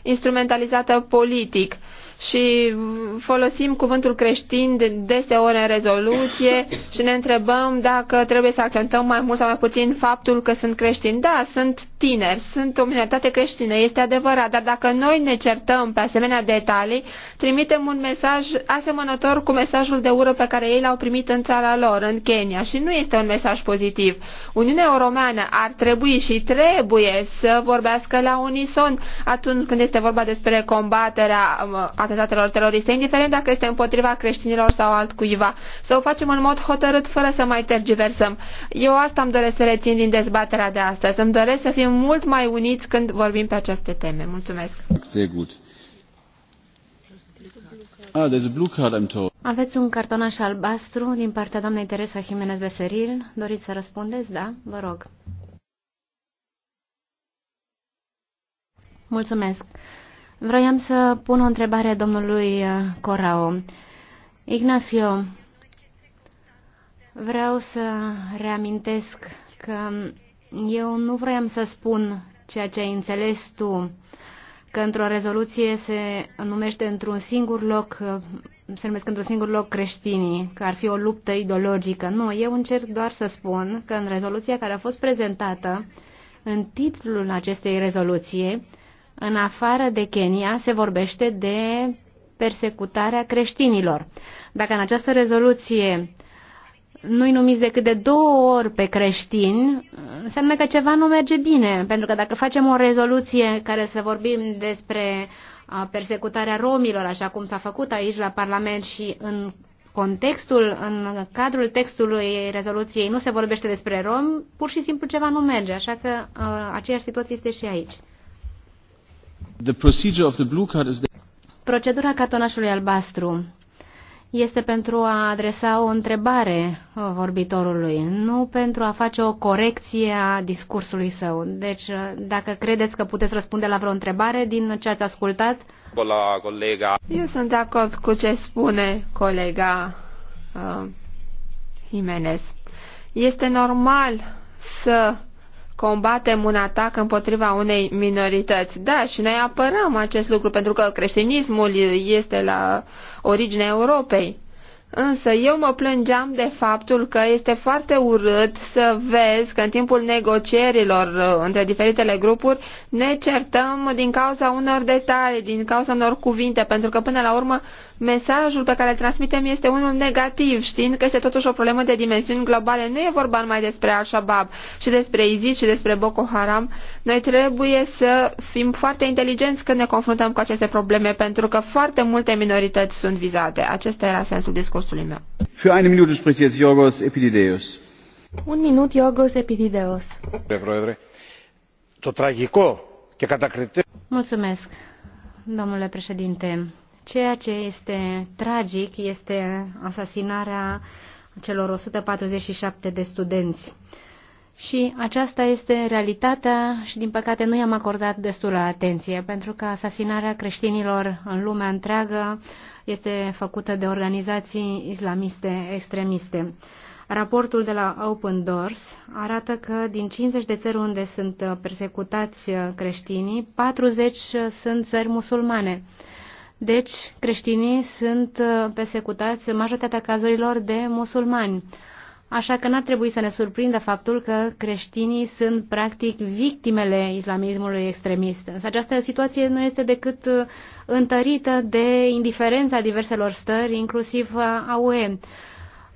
instrumentalizată politic și folosim cuvântul creștin de deseori în rezoluție și ne întrebăm dacă trebuie să accentăm mai mult sau mai puțin faptul că sunt creștini. Da, sunt tineri, sunt o minoritate creștină, este adevărat, dar dacă noi ne certăm pe asemenea detalii, trimitem un mesaj asemănător cu mesajul de ură pe care ei l-au primit în țara lor, în Kenya, și nu este un mesaj pozitiv. Uniunea Europeană ar trebui și trebuie să vorbească la unison atunci când este vorba despre combaterea uh, atentatelor teroriste, indiferent dacă este împotriva creștinilor sau altcuiva. Să o facem în mod hotărât, fără să mai tergiversăm. Eu asta îmi doresc să rețin din dezbaterea de astăzi. Îmi doresc să fim mult mai uniți când vorbim pe aceste teme. Mulțumesc! Ah, there's a blue card, I'm told. Aveți un cartonaș albastru din partea doamnei Teresa Jimenez Beseril. Doriți să răspundeți? Da? Vă rog. Mulțumesc. Vroiam să pun o întrebare domnului uh, Corao. Ignacio, vreau să reamintesc că eu nu vroiam să spun ceea ce ai înțeles tu, că într-o rezoluție se numește într-un singur loc, uh, se numesc într-un singur loc creștinii, că ar fi o luptă ideologică. Nu, eu încerc doar să spun că în rezoluția care a fost prezentată, în titlul acestei rezoluții, în afară de Kenya se vorbește de persecutarea creștinilor. Dacă în această rezoluție nu-i numiți decât de două ori pe creștini, înseamnă că ceva nu merge bine. Pentru că dacă facem o rezoluție care să vorbim despre persecutarea romilor, așa cum s-a făcut aici la Parlament și în contextul, în cadrul textului rezoluției nu se vorbește despre rom, pur și simplu ceva nu merge. Așa că aceeași situație este și aici. Procedura catonașului albastru este pentru a adresa o întrebare uh, vorbitorului, nu pentru a face o corecție a discursului său. Deci, uh, dacă credeți că puteți răspunde la vreo întrebare din ce ați ascultat... colega. Eu sunt de acord cu ce spune colega uh, Jimenez. Este normal să combatem un atac împotriva unei minorități. Da, și noi apărăm acest lucru pentru că creștinismul este la originea Europei. Însă eu mă plângeam de faptul că este foarte urât să vezi că în timpul negocierilor uh, între diferitele grupuri ne certăm din cauza unor detalii, din cauza unor cuvinte, pentru că până la urmă mesajul pe care îl transmitem este unul negativ, știind că este totuși o problemă de dimensiuni globale. Nu e vorba numai despre Al-Shabaab și despre ISIS și despre Boko Haram. Noi trebuie să fim foarte inteligenți când ne confruntăm cu aceste probleme, pentru că foarte multe minorități sunt vizate. Acesta era sensul discursului meu. Für eine Minute spricht jetzt Yorgos Epidideos. Un minut, Yorgos Epidideos. Mulțumesc, domnule președinte Ceea ce este tragic este asasinarea celor 147 de studenți. Și aceasta este realitatea și, din păcate, nu i-am acordat destulă atenție, pentru că asasinarea creștinilor în lumea întreagă este făcută de organizații islamiste extremiste. Raportul de la Open Doors arată că din 50 de țări unde sunt persecutați creștinii, 40 sunt țări musulmane. Deci, creștinii sunt uh, persecutați în majoritatea cazurilor de musulmani. Așa că n-ar trebui să ne surprindă faptul că creștinii sunt practic victimele islamismului extremist. Însă această situație nu este decât uh, întărită de indiferența diverselor stări, inclusiv a UE.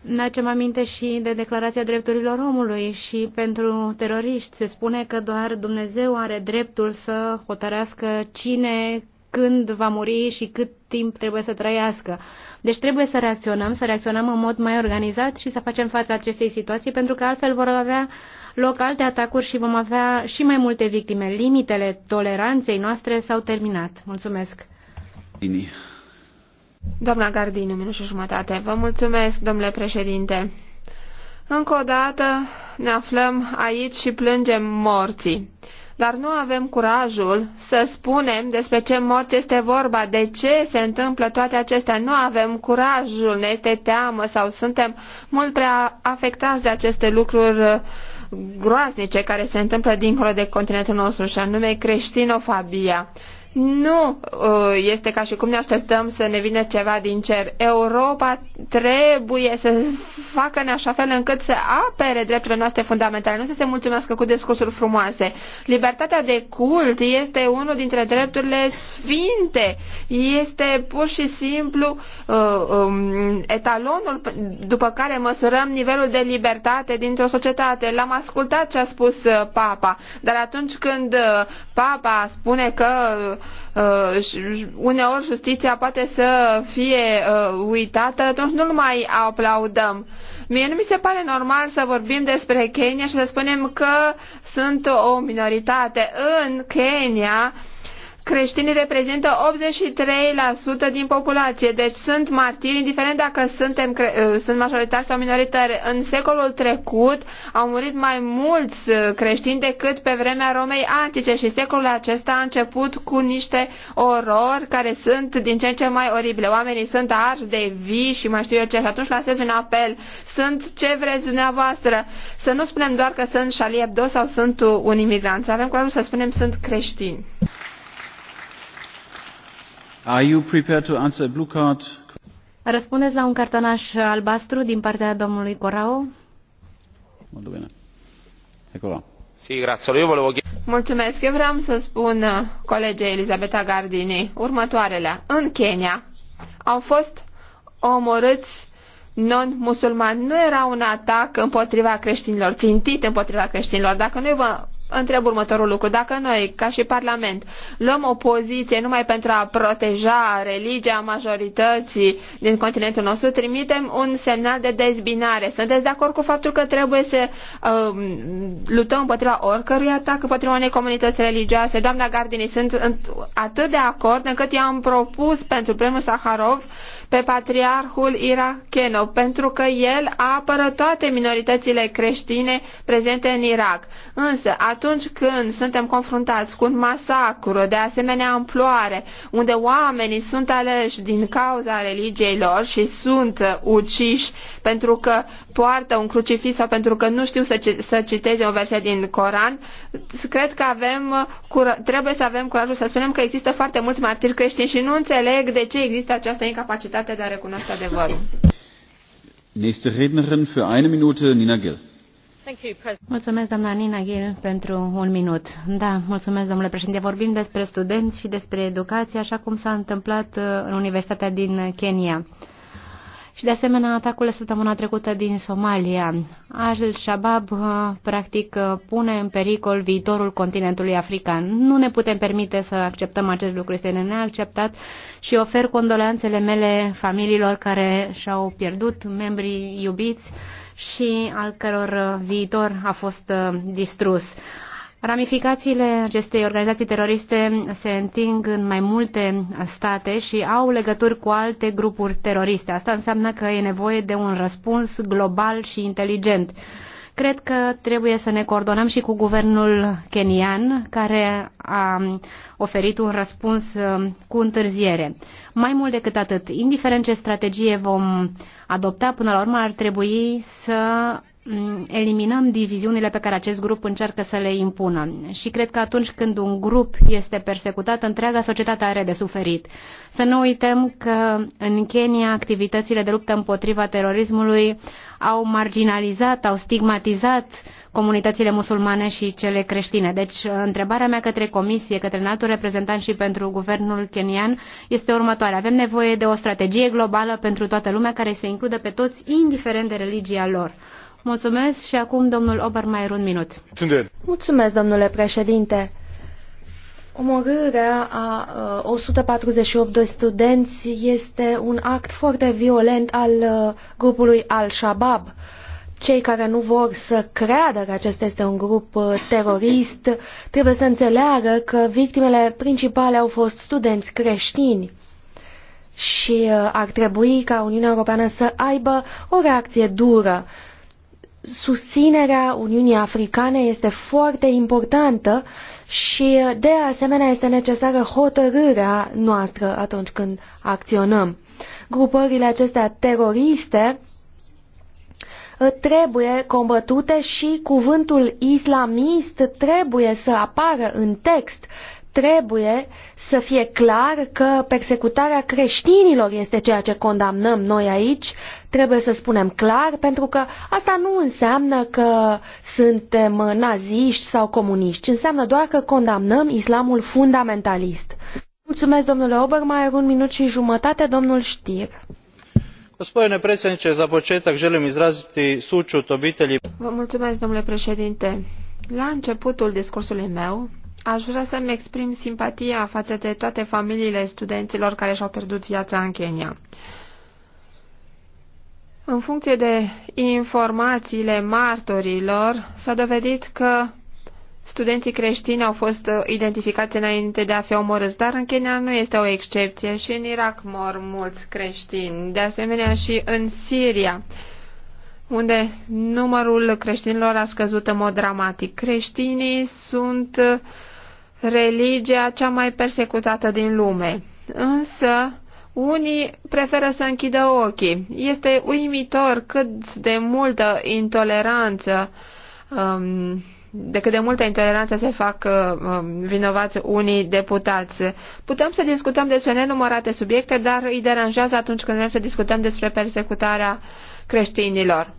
Ne acem aminte și de Declarația Drepturilor Omului și pentru teroriști se spune că doar Dumnezeu are dreptul să hotărească cine, când va muri și cât timp trebuie să trăiască. Deci trebuie să reacționăm, să reacționăm în mod mai organizat și să facem față acestei situații, pentru că altfel vor avea loc alte atacuri și vom avea și mai multe victime. Limitele toleranței noastre s-au terminat. Mulțumesc! Bine. Doamna Gardini, minut și jumătate. Vă mulțumesc, domnule președinte. Încă o dată ne aflăm aici și plângem morții dar nu avem curajul să spunem despre ce morți este vorba, de ce se întâmplă toate acestea. Nu avem curajul, ne este teamă sau suntem mult prea afectați de aceste lucruri uh, groaznice care se întâmplă dincolo de continentul nostru, și anume creștinofabia. Nu uh, este ca și cum ne așteptăm să ne vină ceva din cer. Europa trebuie să facă în așa fel încât să apere drepturile noastre fundamentale, nu să se mulțumească cu discursuri frumoase. Libertatea de cult este unul dintre drepturile sfinte. Este pur și simplu uh, um, etalonul după care măsurăm nivelul de libertate dintr-o societate. L-am ascultat ce a spus uh, Papa, dar atunci când uh, Papa spune că Uh, uneori justiția poate să fie uh, uitată, atunci nu-l mai aplaudăm. Mie nu mi se pare normal să vorbim despre Kenya și să spunem că sunt o minoritate. În Kenya creștinii reprezintă 83% din populație, deci sunt martiri, indiferent dacă suntem, uh, sunt majoritari sau minoritari. În secolul trecut au murit mai mulți uh, creștini decât pe vremea Romei antice și secolul acesta a început cu niște orori care sunt din ce în ce mai oribile. Oamenii sunt arși de vii și mai știu eu ce și atunci lasez un apel. Sunt ce vreți dumneavoastră. Să nu spunem doar că sunt Charlie Hebdo sau sunt uh, un imigrant. Avem curajul să spunem sunt creștini. Are you prepared to answer a blue card? Răspundeți la un cartonaș albastru din partea domnului Corao? Mulțumesc. Eu vreau să spun uh, colegei Elisabeta Gardini următoarele. În Kenya au fost omorâți non-musulmani. Nu era un atac împotriva creștinilor, țintit împotriva creștinilor. Dacă noi vă întreb următorul lucru. Dacă noi, ca și Parlament, luăm o poziție numai pentru a proteja religia majorității din continentul nostru, trimitem un semnal de dezbinare. Sunteți de acord cu faptul că trebuie să um, luptăm împotriva oricărui atac împotriva unei comunități religioase? Doamna Gardini, sunt atât de acord încât i am propus pentru premiul Saharov uh, pe patriarhul iracheno, pentru că el apără toate minoritățile creștine prezente în Irak. Însă, atunci când suntem confruntați cu un masacru de asemenea amploare, unde oamenii sunt aleși din cauza religiei lor și sunt uciși pentru că poartă un crucifix sau pentru că nu știu să, să citeze o verset din Coran, cred că avem, trebuie să avem curajul să spunem că există foarte mulți martiri creștini și nu înțeleg de ce există această incapacitate posibilitatea de a recunoaște adevărul. Nächste Rednerin für eine Minute, Nina Gill. Mulțumesc, doamna Nina Gil, pentru un minut. Da, mulțumesc, domnule președinte. Vorbim despre studenți și despre educație, așa cum s-a întâmplat uh, în Universitatea din Kenya și de asemenea atacul săptămâna trecută din Somalia. Al Shabab uh, practic uh, pune în pericol viitorul continentului african. Nu ne putem permite să acceptăm acest lucru, este neacceptat și ofer condoleanțele mele familiilor care și-au pierdut membrii iubiți și al căror uh, viitor a fost distrus. Ramificațiile acestei organizații teroriste se înting în mai multe state și au legături cu alte grupuri teroriste. Asta înseamnă că e nevoie de un răspuns global și inteligent. Cred că trebuie să ne coordonăm și cu guvernul kenian, care a oferit un răspuns um, cu întârziere. Mai mult decât atât, indiferent ce strategie vom adopta, până la urmă ar trebui să Mm, eliminăm diviziunile pe care acest grup încearcă să le impună. Și cred că atunci când un grup este persecutat, întreaga societate are de suferit. Să nu uităm că în Kenya activitățile de luptă împotriva terorismului au marginalizat, au stigmatizat comunitățile musulmane și cele creștine. Deci, întrebarea mea către Comisie, către înaltul reprezentant și pentru guvernul kenian este următoarea. Avem nevoie de o strategie globală pentru toată lumea care să includă pe toți, indiferent de religia lor. Mulțumesc și acum domnul Obermeier un minut. Mulțumesc, domnule președinte. Omorârea a 148 uh, de studenți este un act foarte violent al uh, grupului Al-Shabaab. Cei care nu vor să creadă că acesta este un grup uh, terorist trebuie să înțeleagă că victimele principale au fost studenți creștini și ar trebui ca Uniunea Europeană să aibă o reacție dură susținerea Uniunii Africane este foarte importantă și de asemenea este necesară hotărârea noastră atunci când acționăm. Grupările acestea teroriste uh, trebuie combătute și cuvântul islamist trebuie să apară în text trebuie să fie clar că persecutarea creștinilor este ceea ce condamnăm noi aici. Trebuie să spunem clar, pentru că asta nu înseamnă că suntem naziști sau comuniști. Înseamnă doar că condamnăm islamul fundamentalist. Mulțumesc, domnule Obermaier. Un minut și jumătate, domnul Știr. Gospodine predsjedniče, za početak želim izraziti sućut obitelji. Vă mulțumesc, domnule președinte. La începutul discursului meu, Aș vrea să-mi exprim simpatia față de toate familiile studenților care și-au pierdut viața în Kenya. În funcție de informațiile martorilor, s-a dovedit că studenții creștini au fost uh, identificați înainte de a fi omorâți, dar în Kenya nu este o excepție și în Irak mor mulți creștini, de asemenea și în Siria, unde numărul creștinilor a scăzut în mod dramatic. Creștinii sunt uh, religia cea mai persecutată din lume. Însă, unii preferă să închidă ochii. Este uimitor cât de multă intoleranță, um, de cât de multă intoleranță se fac um, vinovați unii deputați. Putem să discutăm despre nenumărate subiecte, dar îi deranjează atunci când vrem să discutăm despre persecutarea creștinilor.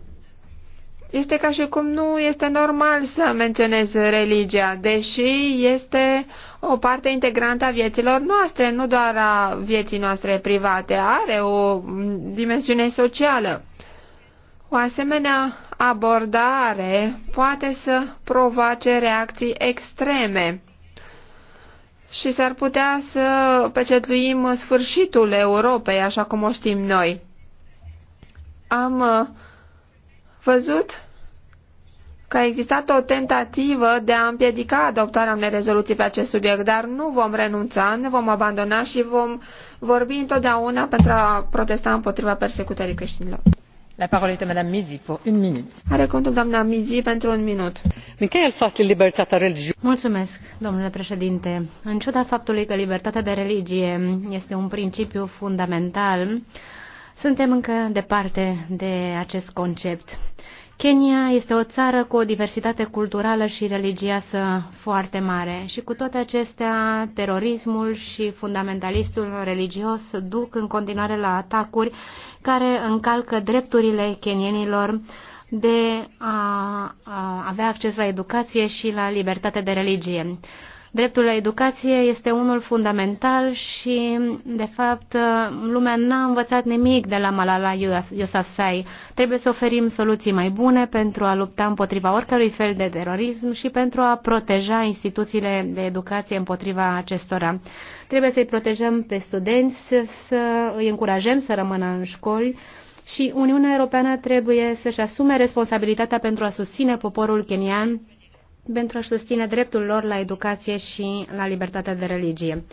Este ca și cum nu este normal să menționez religia, deși este o parte integrantă a vieților noastre, nu doar a vieții noastre private, are o dimensiune socială. O asemenea abordare poate să provoace reacții extreme și s-ar putea să pecetluim sfârșitul Europei așa cum o știm noi. Am uh, văzut că a existat o tentativă de a împiedica adoptarea unei rezoluții pe acest subiect, dar nu vom renunța, ne vom abandona și vom vorbi întotdeauna pentru a protesta împotriva persecutării creștinilor. La parole este Madame Mizi pour une minute. Are contul doamna Mizi pentru un minut. Michael Fati, libertatea religiei. Mulțumesc, domnule președinte. În ciuda faptului că libertatea de religie este un principiu fundamental, suntem încă departe de acest concept. Kenya este o țară cu o diversitate culturală și religioasă foarte mare și cu toate acestea terorismul și fundamentalistul religios duc în continuare la atacuri care încalcă drepturile kenienilor de a, a avea acces la educație și la libertate de religie. Dreptul la educație este unul fundamental și, de fapt, lumea n-a învățat nimic de la Malala Yousafzai. Trebuie să oferim soluții mai bune pentru a lupta împotriva oricărui fel de terorism și pentru a proteja instituțiile de educație împotriva acestora. Trebuie să-i protejăm pe studenți, să îi încurajăm să rămână în școli, și Uniunea Europeană trebuie să-și asume responsabilitatea pentru a susține poporul kenian pentru a susține dreptul lor la educație și la libertatea de religie.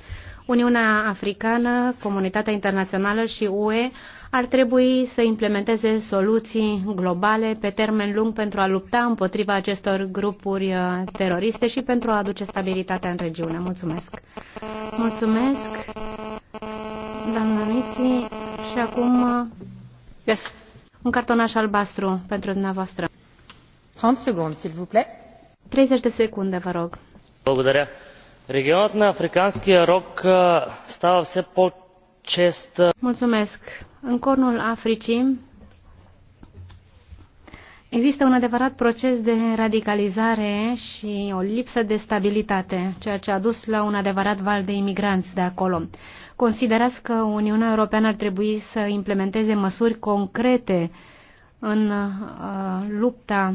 Uniunea Africană, comunitatea internațională și UE ar trebui să implementeze soluții globale pe termen lung pentru a lupta împotriva acestor grupuri uh, teroriste și pentru a aduce stabilitatea în regiune. Mulțumesc! Mulțumesc, doamna Miții, și acum yes. un cartonaș albastru pentru dumneavoastră. 30 secunde, s'il vous plaît. 30 de secunde, vă rog. Благодаря. Регионът на Африканския рог става все по-чест. Mulțumesc. În cornul Africii Există un adevărat proces de radicalizare și o lipsă de stabilitate, ceea ce a dus la un adevărat val de imigranți de acolo. Considerați că Uniunea Europeană ar trebui să implementeze măsuri concrete în uh, lupta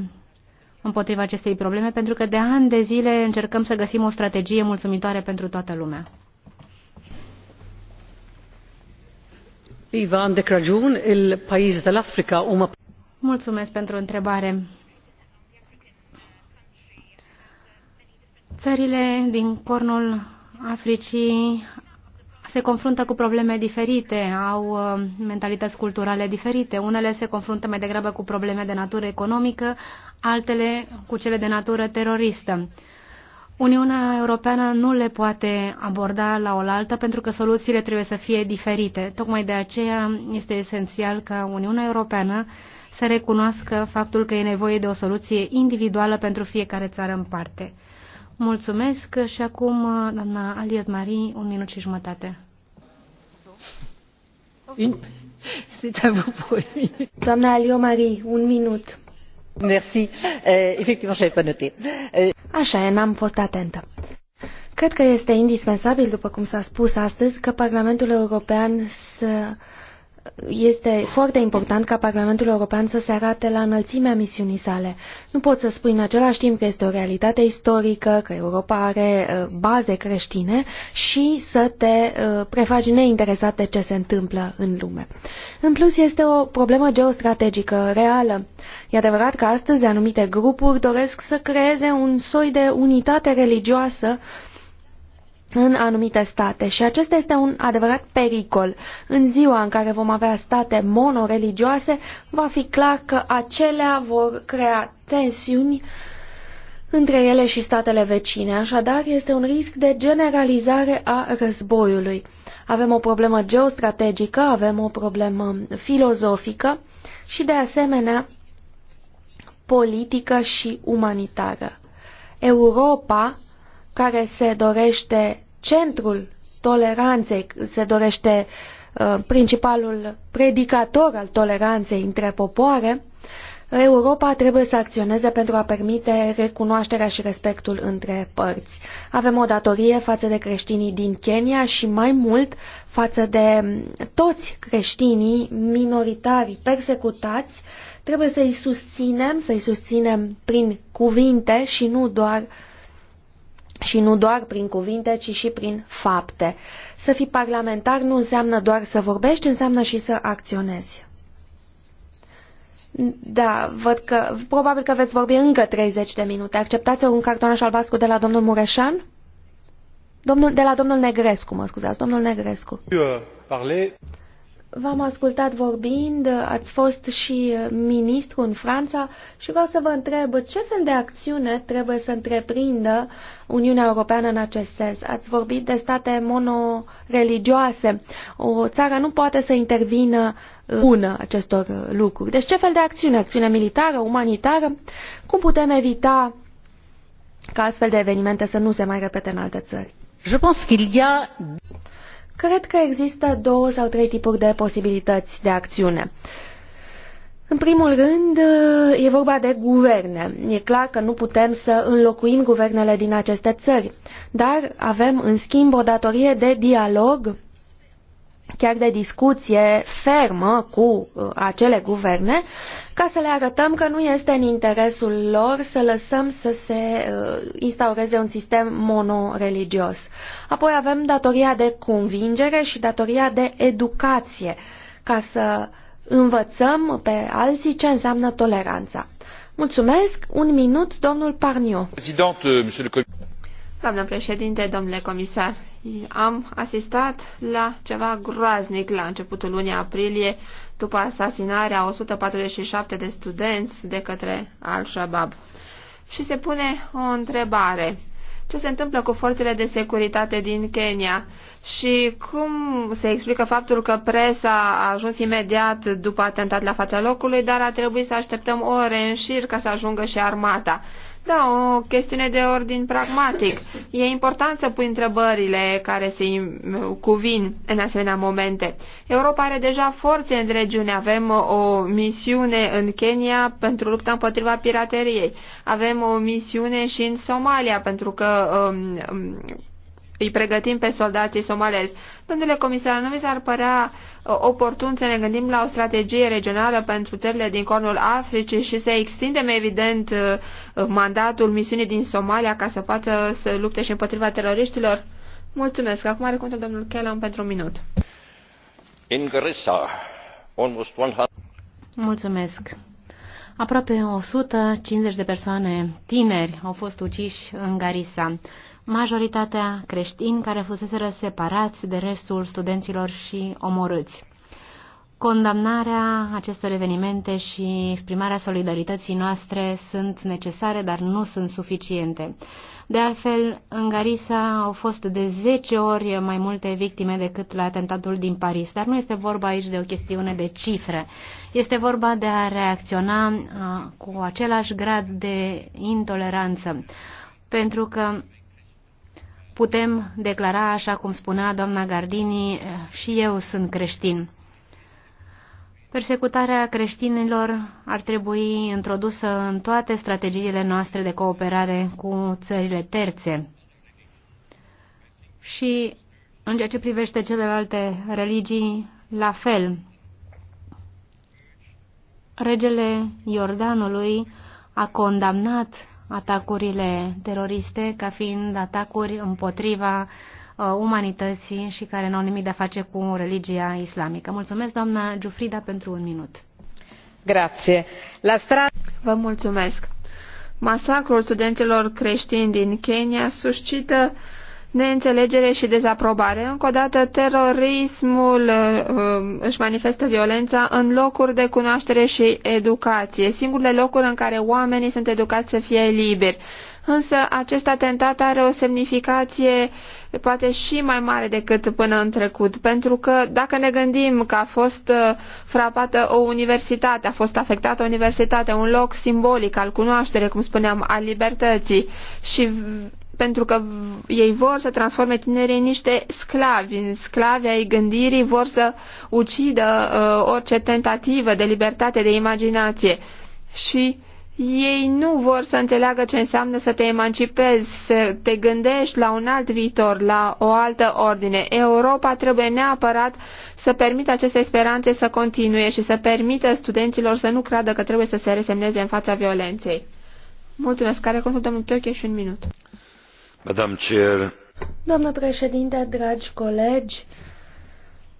împotriva acestei probleme, pentru că de ani de zile încercăm să găsim o strategie mulțumitoare pentru toată lumea. Iva, de Crăciun, il país de Africa, uma... Mulțumesc pentru întrebare. Țările din cornul Africii se confruntă cu probleme diferite, au uh, mentalități culturale diferite. Unele se confruntă mai degrabă cu probleme de natură economică, altele cu cele de natură teroristă. Uniunea Europeană nu le poate aborda la oaltă pentru că soluțiile trebuie să fie diferite. Tocmai de aceea este esențial ca Uniunea Europeană să recunoască faptul că e nevoie de o soluție individuală pentru fiecare țară în parte. Mulțumesc și acum, uh, doamna Aliet Marie, un minut și jumătate. Doamna Alio Marie, un minut. Merci. Efectiv, eh, nu pas noté. Eh, Așa e, n-am fost atentă. Cred că este indispensabil, după cum s-a spus astăzi, că Parlamentul European să este foarte important ca Parlamentul European să se arate la înălțimea misiunii sale. Nu pot să spui în același timp că este o realitate istorică, că Europa are uh, baze creștine și să te uh, prefaci neinteresat de ce se întâmplă în lume. În plus, este o problemă geostrategică reală. E adevărat că astăzi anumite grupuri doresc să creeze un soi de unitate religioasă în anumite state și acesta este un adevărat pericol. În ziua în care vom avea state monoreligioase, va fi clar că acelea vor crea tensiuni între ele și statele vecine, așadar este un risc de generalizare a războiului. Avem o problemă geostrategică, avem o problemă filozofică și de asemenea politică și umanitară. Europa, care se dorește centrul toleranței, se dorește uh, principalul predicator al toleranței între popoare, Europa trebuie să acționeze pentru a permite recunoașterea și respectul între părți. Avem o datorie față de creștinii din Kenya și mai mult față de toți creștinii minoritari persecutați, trebuie să-i susținem, să-i susținem prin cuvinte și nu doar uh, și nu doar prin cuvinte, ci și prin fapte. Să fii parlamentar nu înseamnă doar să vorbești, înseamnă și să acționezi. Da, văd că probabil că veți vorbi încă 30 de minute. Acceptați un cartonaș albastru de la domnul Mureșan? Domnul, de la domnul Negrescu, mă scuzați, domnul Negrescu. Eu, parle... V-am ascultat vorbind, ați fost și ministru în Franța și vreau să vă întreb ce fel de acțiune trebuie să întreprindă Uniunea Europeană în acest sens. Ați vorbit de state monoreligioase. O țară nu poate să intervină bună acestor lucruri. Deci ce fel de acțiune? Acțiune militară, umanitară? Cum putem evita ca astfel de evenimente să nu se mai repete în alte țări? Je pense qu'il y a Cred că există două sau trei tipuri de posibilități de acțiune. În primul rând, e vorba de guverne. E clar că nu putem să înlocuim guvernele din aceste țări, dar avem, în schimb, o datorie de dialog, chiar de discuție fermă cu uh, acele guverne ca să le arătăm că nu este în interesul lor să lăsăm să se uh, instaureze un sistem monoreligios. Apoi avem datoria de convingere și datoria de educație, ca să învățăm pe alții ce înseamnă toleranța. Mulțumesc. Un minut, domnul Parniu. Doamnă președinte, domnule comisar, am asistat la ceva groaznic la începutul lunii aprilie după asasinarea 147 de studenți de către Al-Shabaab. Și se pune o întrebare. Ce se întâmplă cu forțele de securitate din Kenya și cum se explică faptul că presa a ajuns imediat după atentat la fața locului, dar a trebuit să așteptăm ore în șir ca să ajungă și armata? Da, o chestiune de ordin pragmatic. E important să pui întrebările care se cuvin în asemenea momente. Europa are deja forțe în regiune. Avem o misiune în Kenya pentru lupta împotriva pirateriei. Avem o misiune și în Somalia pentru că um, îi pregătim pe soldații somalezi. Domnule comisar, nu mi s-ar părea uh, oportun să ne gândim la o strategie regională pentru țările din cornul Africii și să extindem, evident, uh, mandatul misiunii din Somalia ca să poată să lupte și împotriva teroriștilor? Mulțumesc. Acum are cuvântul domnul Kellam pentru un minut. In Grisa, almost 100... Mulțumesc. Aproape 150 de persoane tineri au fost uciși în Garissa majoritatea creștini care fusese separați de restul studenților și omorâți. Condamnarea acestor evenimente și exprimarea solidarității noastre sunt necesare, dar nu sunt suficiente. De altfel, în Garisa au fost de 10 ori mai multe victime decât la atentatul din Paris, dar nu este vorba aici de o chestiune de cifre. Este vorba de a reacționa cu același grad de intoleranță, pentru că putem declara, așa cum spunea doamna Gardini, eh, și eu sunt creștin. Persecutarea creștinilor ar trebui introdusă în toate strategiile noastre de cooperare cu țările terțe. Și în ceea ce privește celelalte religii, la fel. Regele Iordanului a condamnat atacurile teroriste ca fiind atacuri împotriva uh, umanității și care n-au nimic de a face cu religia islamică. Mulțumesc, doamna Giufrida, pentru un minut. Grație. La stra... Vă mulțumesc. Masacrul studenților creștini din Kenya suscită neînțelegere și dezaprobare. Încă o dată, terorismul uh, um, își manifestă violența în locuri de cunoaștere și educație, singurele locuri în care oamenii sunt educați să fie liberi. Însă acest atentat are o semnificație poate și mai mare decât până în trecut, pentru că dacă ne gândim că a fost uh, frapată o universitate, a fost afectată o universitate, un loc simbolic al cunoașterii, cum spuneam, al libertății și pentru că ei vor să transforme tinerii în niște sclavi, în sclavi ai gândirii, vor să ucidă uh, orice tentativă de libertate, de imaginație. Și ei nu vor să înțeleagă ce înseamnă să te emancipezi, să te gândești la un alt viitor, la o altă ordine. Europa trebuie neapărat să permită aceste speranțe să continue și să permită studenților să nu creadă că trebuie să se resemneze în fața violenței. Mulțumesc. Care contul domnul Tioche și un minut. Doamnă președinte, dragi colegi,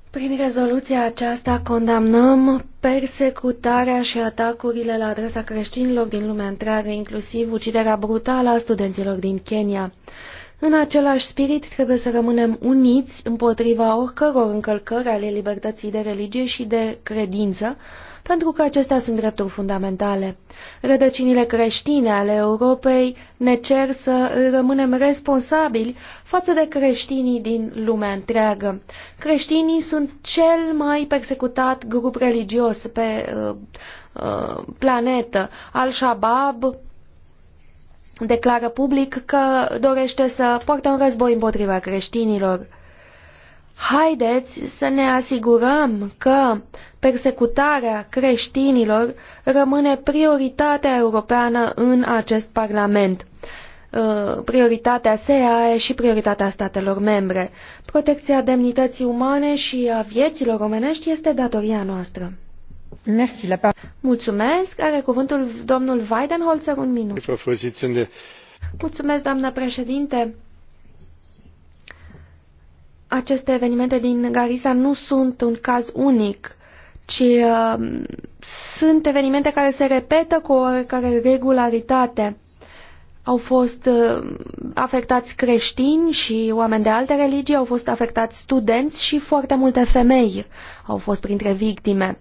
prin rezoluția aceasta condamnăm persecutarea și atacurile la adresa creștinilor din lumea întreagă, inclusiv uciderea brutală a studenților din Kenya. În același spirit, trebuie să rămânem uniți împotriva oricăror încălcări ale libertății de religie și de credință, pentru că acestea sunt drepturi fundamentale. Rădăcinile creștine ale Europei ne cer să rămânem responsabili față de creștinii din lumea întreagă. Creștinii sunt cel mai persecutat grup religios pe uh, uh, planetă. Al-Shabaab declară public că dorește să poartă un război împotriva creștinilor. Haideți să ne asigurăm că persecutarea creștinilor rămâne prioritatea europeană în acest Parlament uh, prioritatea SEAE și prioritatea statelor membre. Protecția demnității umane și a vieților omenești este datoria noastră. Merci, la Mulțumesc. Are cuvântul domnul Weidenholzer un minut. Mulțumesc, doamnă președinte aceste evenimente din Garisa nu sunt un caz unic, ci uh, sunt evenimente care se repetă cu o oarecare regularitate. Au fost uh, afectați creștini și oameni de alte religii, au fost afectați studenți și foarte multe femei au fost printre victime.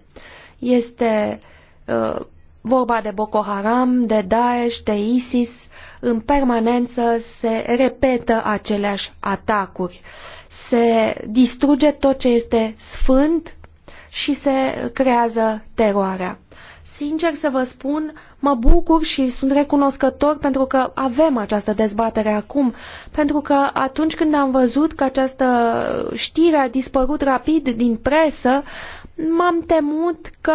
Este uh, vorba de Boko Haram, de Daesh, de ISIS, în permanență se repetă aceleași atacuri. Uh, se distruge tot ce este sfânt și se creează teroarea. Sincer să vă spun, mă bucur și sunt recunoscător pentru că avem această dezbatere acum, pentru că atunci când am văzut că această știre a dispărut rapid din presă, m-am temut că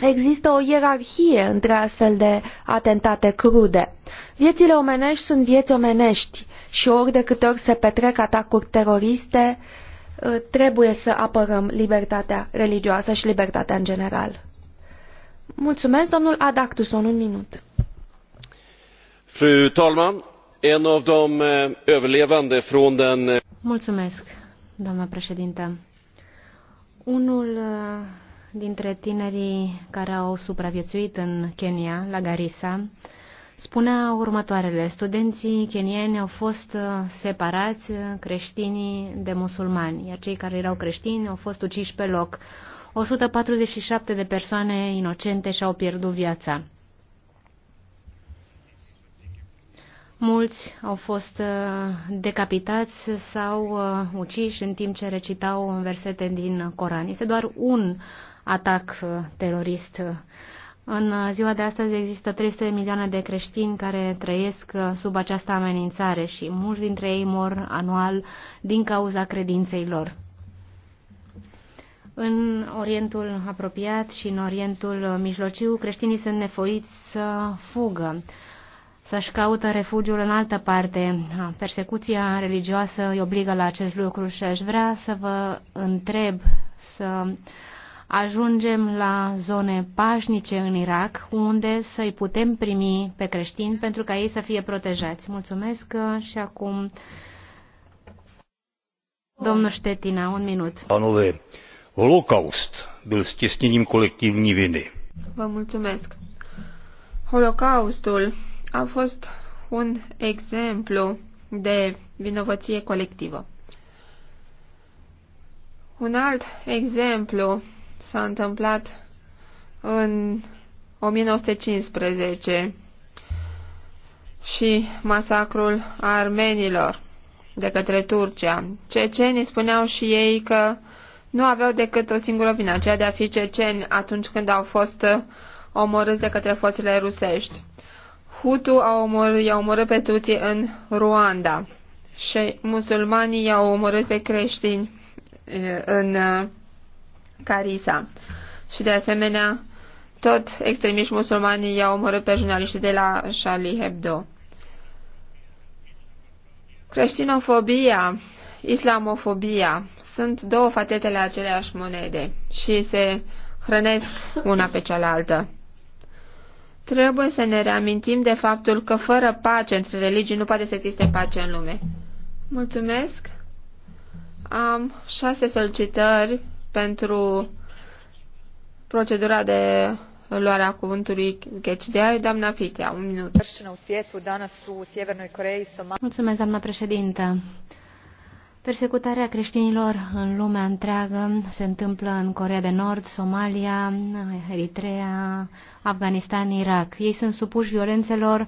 Există o ierarhie între astfel de atentate crude. Viețile omenești sunt vieți omenești și ori de câte ori se petrec atacuri teroriste, ă, trebuie să apărăm libertatea religioasă și libertatea în general. Mulțumesc, domnul Adactuson, un minut. Fru talman, en av de eh, överlevande från den... Eh, Mulțumesc, doamna președinte. Unul eh, dintre tinerii care au supraviețuit în Kenya, la Garissa, spunea următoarele. Studenții kenieni au fost uh, separați uh, creștinii de musulmani, iar cei care erau creștini au fost uciși pe loc. 147 de persoane inocente și-au pierdut viața. Mulți au fost uh, decapitați sau uciși în timp ce recitau versete din Coran. Este doar un atac terorist în ziua de astăzi există 300 de milioane de creștini care trăiesc uh, sub această amenințare și mulți dintre ei mor anual din cauza credinței lor. În Orientul apropiat și în Orientul uh, mijlociu, creștinii sunt nefoiți să fugă, să-și caută refugiul în altă parte. Persecuția religioasă îi obligă la acest lucru și aș vrea să vă întreb să ajungem la zone pașnice în Irak, unde să-i putem primi pe creștini pentru ca ei să fie protejați. Mulțumesc și acum domnul Ștetina, un minut. Panove, Holocaust byl stěsněním colectiv viny. Vă mulțumesc. Holocaustul a fost un exemplu de vinovăție colectivă. Un alt exemplu s-a întâmplat în 1915 și masacrul armenilor de către Turcia. Cecenii spuneau și ei că nu aveau decât o singură vină, aceea de a fi ceceni atunci când au fost omorâți de către forțele rusești. Hutu a omor, omorât pe tuții în Ruanda și musulmanii i-au omorât pe creștini în Carisa. Și de asemenea, tot extremiști musulmani i-au omorât pe jurnaliștii de la Charlie Hebdo. Creștinofobia, islamofobia sunt două fațetele aceleași monede și se hrănesc una pe cealaltă. Trebuie să ne reamintim de faptul că fără pace între religii nu poate să existe pace în lume. Mulțumesc! Am șase solicitări pentru procedura de luarea cuvântului Ghecidea, doamna Fitea, un minut. Mulțumesc, doamna președintă. Persecutarea creștinilor în lumea întreagă se întâmplă în Corea de Nord, Somalia, Eritrea, Afganistan, Irak. Ei sunt supuși violențelor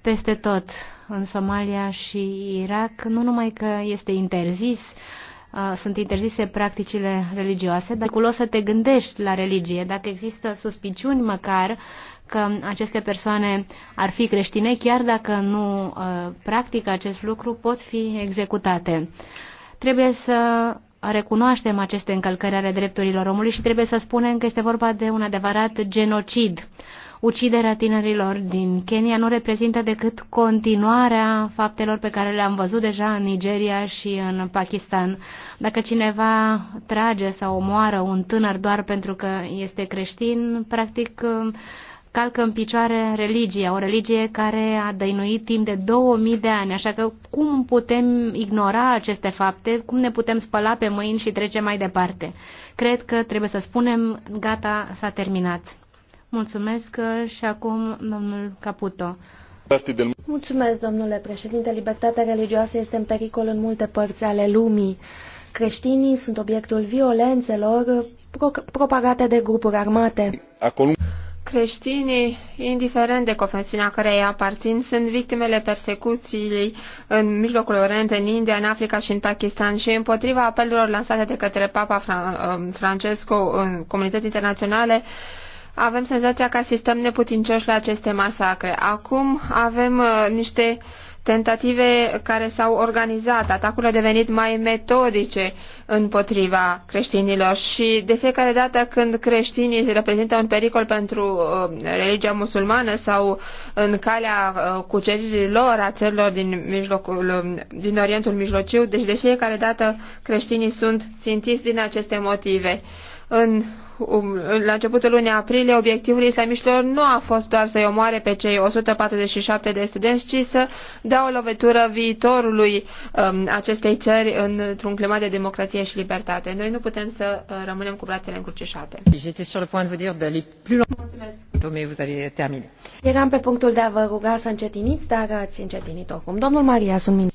peste tot, în Somalia și Irak. Nu numai că este interzis uh, sunt interzise practicile religioase, dar culo să te gândești la religie. Dacă există suspiciuni măcar că aceste persoane ar fi creștine, chiar dacă nu practică acest lucru, pot fi executate. Trebuie să recunoaștem aceste încălcări ale drepturilor omului și trebuie să spunem că este vorba de un adevărat genocid. Uciderea tinerilor din Kenya nu reprezintă decât continuarea faptelor pe care le-am văzut deja în Nigeria și în Pakistan. Dacă cineva trage sau omoară un tânăr doar pentru că este creștin, practic calcă în picioare religia, o religie care a dăinuit timp de 2000 de ani. Așa că cum putem ignora aceste fapte, cum ne putem spăla pe mâini și trece mai departe? Cred că trebuie să spunem, gata, s-a terminat. Mulțumesc uh, și acum domnul Caputo. Mulțumesc, domnule președinte. Libertatea religioasă este în pericol în multe părți ale lumii. Creștinii sunt obiectul violențelor pro propagate de grupuri armate. Acolo... Creștinii, indiferent de confesiunea care ei aparțin, sunt victimele persecuției în mijlocul Orient, în India, în Africa și în Pakistan și împotriva apelurilor lansate de către Papa Fra um, Francesco în comunități internaționale avem senzația că asistăm neputincioși la aceste masacre. Acum avem uh, niște tentative care s-au organizat, atacurile au devenit mai metodice împotriva creștinilor și de fiecare dată când creștinii reprezintă un pericol pentru uh, religia musulmană sau în calea uh, cuceririi lor a țărilor din, mijlocul, uh, din Orientul Mijlociu, deci de fiecare dată creștinii sunt țintiți din aceste motive. În Um, la începutul lunii aprilie, obiectivul islamiștilor nu a fost doar să-i omoare pe cei 147 de studenți, ci să dea o lovitură viitorului um, acestei țări într-un climat de democrație și libertate. Noi nu putem să uh, rămânem cu brațele încrucișate. Eram pe punctul de a vă ruga să încetiniți, dar ați încetinit oricum. Domnul Maria, sunt minut.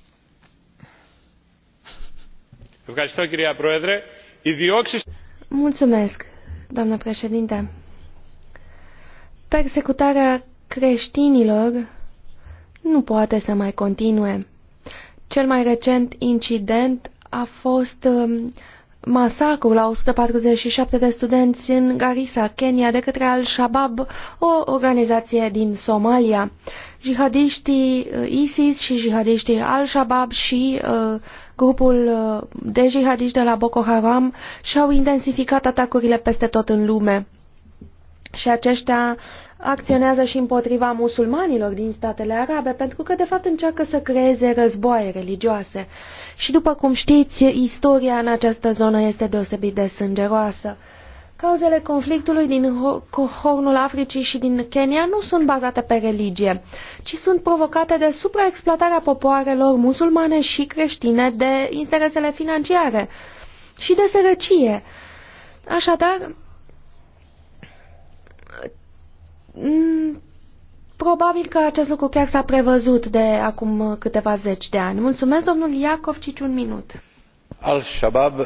Mulțumesc doamnă președinte. Persecutarea creștinilor nu poate să mai continue. Cel mai recent incident a fost um, masacrul la 147 de studenți în Garissa, Kenya, de către Al-Shabaab, o organizație din Somalia jihadiștii uh, ISIS și jihadiștii Al-Shabaab și uh, grupul uh, de jihadiști de la Boko Haram și-au intensificat atacurile peste tot în lume. Și aceștia acționează și împotriva musulmanilor din statele arabe, pentru că de fapt încearcă să creeze războaie religioase. Și după cum știți, istoria în această zonă este deosebit de sângeroasă. Cauzele conflictului din Hornul Africii și din Kenya nu sunt bazate pe religie, ci sunt provocate de supraexploatarea popoarelor musulmane și creștine de interesele financiare și de sărăcie. Așadar, mm, probabil că acest lucru chiar s-a prevăzut de acum câteva zeci de ani. Mulțumesc, domnul Iacov, cici un minut. Al-Shabaab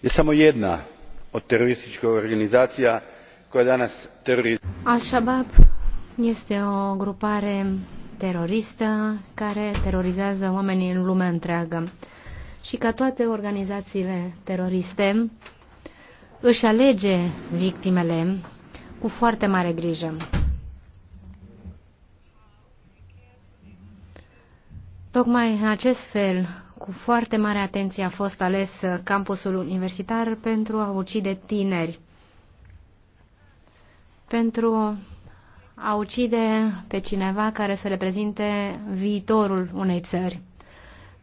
este o jedna od terorističkih organizacija koja danas terorizira. al shabaab este o grupare teroristă care terorizează oamenii în lumea întreagă. Și ca toate organizațiile teroriste, își alege victimele cu foarte mare grijă. Tocmai în acest fel cu foarte mare atenție a fost ales campusul universitar pentru a ucide tineri, pentru a ucide pe cineva care să reprezinte viitorul unei țări,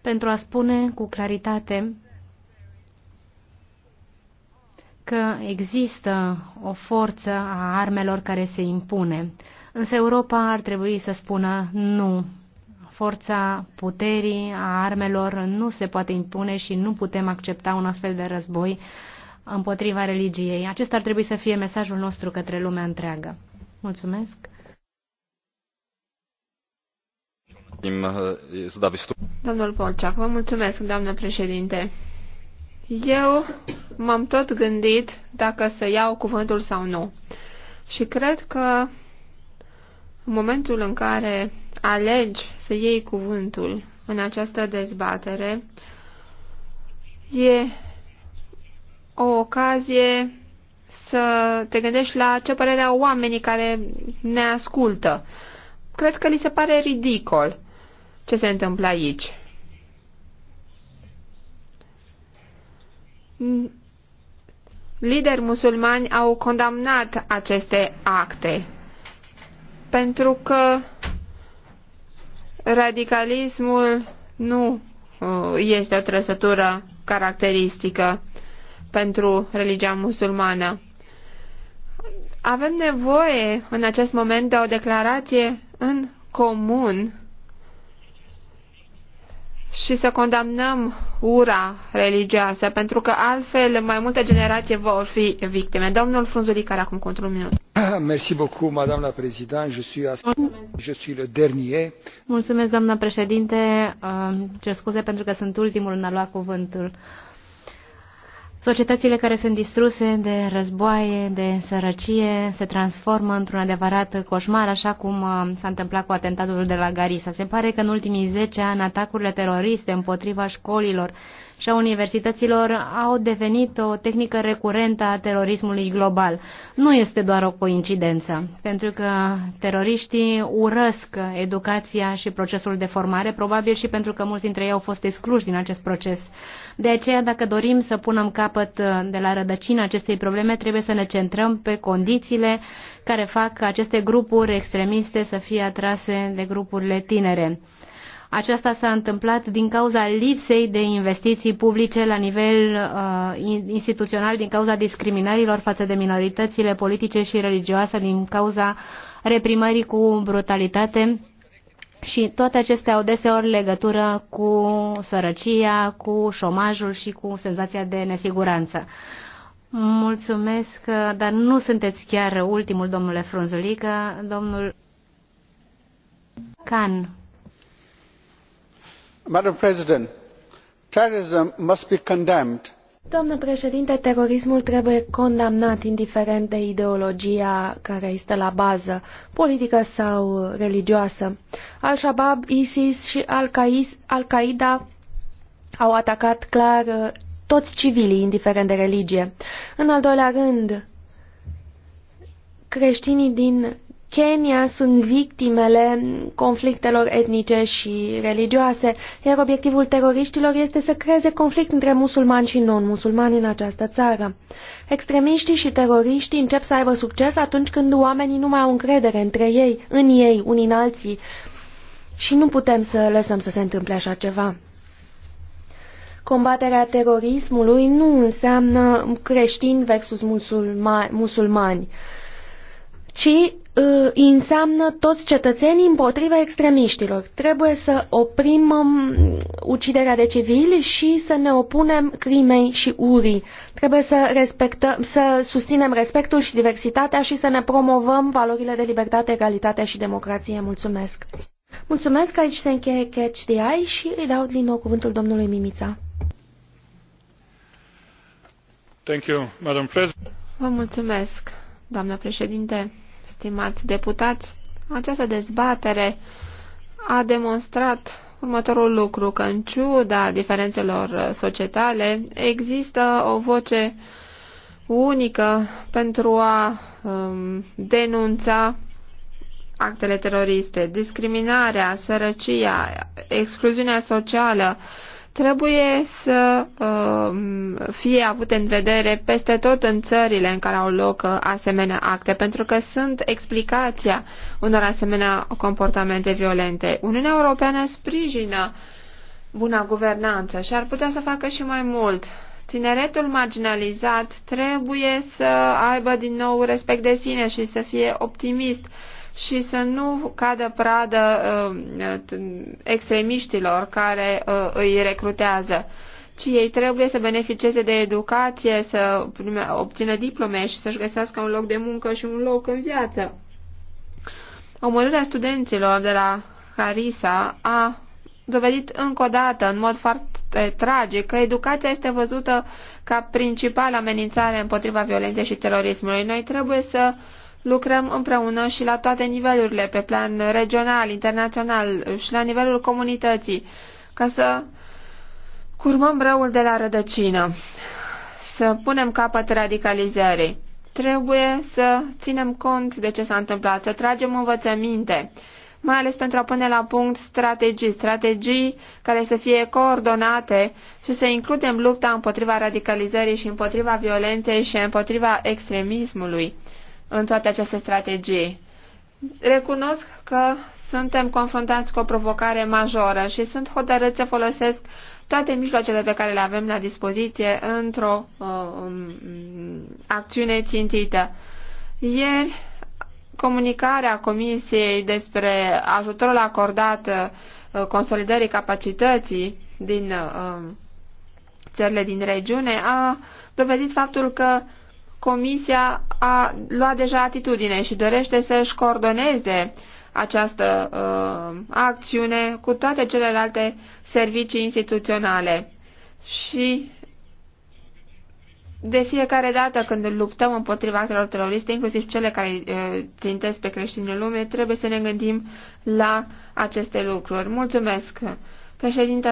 pentru a spune cu claritate că există o forță a armelor care se impune. Însă Europa ar trebui să spună nu forța puterii, a armelor nu se poate impune și nu putem accepta un astfel de război împotriva religiei. Acesta ar trebui să fie mesajul nostru către lumea întreagă. Mulțumesc! Uh, Domnul Polciac, vă mulțumesc, doamnă președinte. Eu m-am tot gândit dacă să iau cuvântul sau nu. Și cred că în momentul în care alegi să iei cuvântul în această dezbatere e o ocazie să te gândești la ce părere au oamenii care ne ascultă. Cred că li se pare ridicol ce se întâmplă aici. Lideri musulmani au condamnat aceste acte pentru că radicalismul nu uh, este o trăsătură caracteristică pentru religia musulmană. Avem nevoie în acest moment de o declarație în comun și să condamnăm ura religioasă, pentru că altfel mai multe generații vor fi victime. Domnul Frunzulic, care acum contra un minut. Ah, Mulțumesc, doamna președinte. Ah, Cer scuze pentru că sunt ultimul în a lua cuvântul. Societățile care sunt distruse de războaie, de sărăcie, se transformă într-un adevărat coșmar, așa cum ah, s-a întâmplat cu atentatul de la Garisa. Se pare că în ultimii 10 ani atacurile teroriste împotriva școlilor, și a universităților au devenit o tehnică recurentă a terorismului global. Nu este doar o coincidență, pentru că teroriștii urăsc educația și procesul de formare, probabil și pentru că mulți dintre ei au fost excluși din acest proces. De aceea, dacă dorim să punem capăt de la rădăcina acestei probleme, trebuie să ne centrăm pe condițiile care fac aceste grupuri extremiste să fie atrase de grupurile tinere. Aceasta s-a întâmplat din cauza lipsei de investiții publice la nivel uh, instituțional, din cauza discriminărilor față de minoritățile politice și religioase, din cauza reprimării cu brutalitate și toate acestea au deseori legătură cu sărăcia, cu șomajul și cu senzația de nesiguranță. Mulțumesc, dar nu sunteți chiar ultimul, domnule Frunzulică, domnul Can. Doamnă președinte, terorismul trebuie condamnat indiferent de ideologia care este la bază, politică sau religioasă. Al-Shabaab, ISIS și Al-Qaeda au atacat clar uh, toți civilii, indiferent de religie. În al doilea rând, creștinii din Kenya sunt victimele conflictelor etnice și religioase, iar obiectivul teroriștilor este să creeze conflict între musulmani și non-musulmani în această țară. Extremiștii și teroriștii încep să aibă succes atunci când oamenii nu mai au încredere între ei, în ei, unii în alții și nu putem să lăsăm să se întâmple așa ceva. Combaterea terorismului nu înseamnă creștini versus musulma musulmani ci Uh, înseamnă toți cetățenii împotriva extremiștilor. Trebuie să oprim um, uciderea de civili și să ne opunem crimei și urii. Trebuie să, respectăm, să susținem respectul și diversitatea și să ne promovăm valorile de libertate, egalitate și democrație. Mulțumesc! Mulțumesc, aici se încheie Catch the Eye și îi dau din nou cuvântul domnului Mimița. Thank you, Madam President. Vă mulțumesc, doamnă președinte stimați deputați, această dezbatere a demonstrat următorul lucru, că în ciuda diferențelor societale există o voce unică pentru a um, denunța actele teroriste, discriminarea, sărăcia, excluziunea socială, trebuie să uh, fie avute în vedere peste tot în țările în care au loc uh, asemenea acte, pentru că sunt explicația unor asemenea comportamente violente. Uniunea Europeană sprijină buna guvernanță și ar putea să facă și mai mult. Tineretul marginalizat trebuie să aibă din nou respect de sine și să fie optimist și să nu cadă pradă uh, extremiștilor care uh, îi recrutează ci ei trebuie să beneficieze de educație, să prime, obțină diplome și să-și găsească un loc de muncă și un loc în viață. Omorârea studenților de la Harisa a dovedit încă o dată, în mod foarte tragic, că educația este văzută ca principală amenințare împotriva violenței și terorismului. Noi trebuie să uh, lucrăm împreună și la toate nivelurile, pe plan regional, internațional și la nivelul comunității, ca să curmăm răul de la rădăcină, să punem capăt radicalizării. Trebuie să ținem cont de ce s-a întâmplat, să tragem învățăminte, mai ales pentru a pune la punct strategii, strategii care să fie coordonate și să includem lupta împotriva radicalizării și împotriva violenței și împotriva extremismului în toate aceste strategii. Recunosc că suntem confruntați cu o provocare majoră și sunt hotărât să folosesc toate mijloacele pe care le avem la dispoziție într-o uh, um, acțiune țintită. Ieri, comunicarea Comisiei despre ajutorul acordat uh, consolidării capacității din uh, țările din regiune a dovedit faptul că Comisia a luat deja atitudine și dorește să-și coordoneze această uh, acțiune cu toate celelalte servicii instituționale. Și de fiecare dată când luptăm împotriva actelor teroriste, inclusiv cele care uh, țintesc pe creștinii lume, trebuie să ne gândim la aceste lucruri. Mulțumesc, președinte.